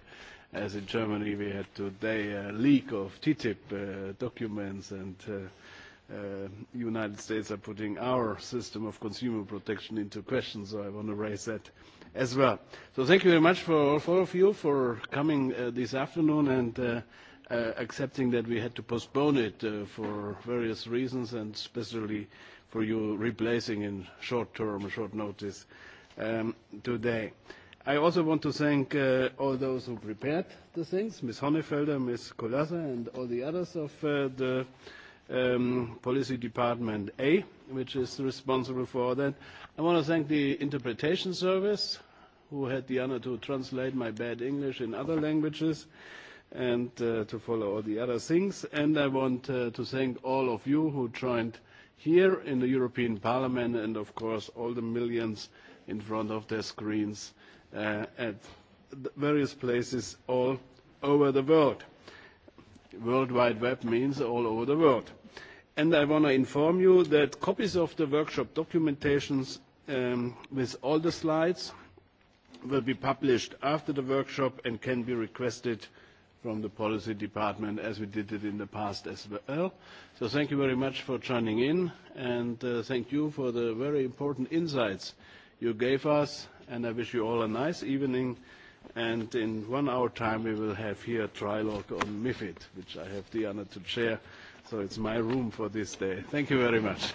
As in Germany, we had today a leak of TTIP documents, and the United States are putting our system of consumer protection into question. So I want to raise that as well. So thank you very much for all four of you for coming this afternoon and accepting that we had to postpone it for various reasons and especially for you replacing in short term, short notice today. I also want to thank all those who prepared the things, Ms. Honefelder, Ms. Kolasa, and all the others of the Policy Department A, which is responsible for that. I want to thank the Interpretation Service, who had the honor to translate my bad English in other languages and to follow all the other things. And I want to thank all of you who joined here in the European Parliament and, of course, all the millions in front of their screens at various places all over the world. World Wide Web means all over the world. And I want to inform you that copies of the workshop documentations with all the slides will be published after the workshop and can be requested from the policy department as we did it in the past as well. So thank you very much for joining in and thank you for the very important insights you gave us and I wish you all a nice evening and in one hour time we will have here a trilogue on MIFID which I have the honor to chair so it's my room for this day. Thank you very much.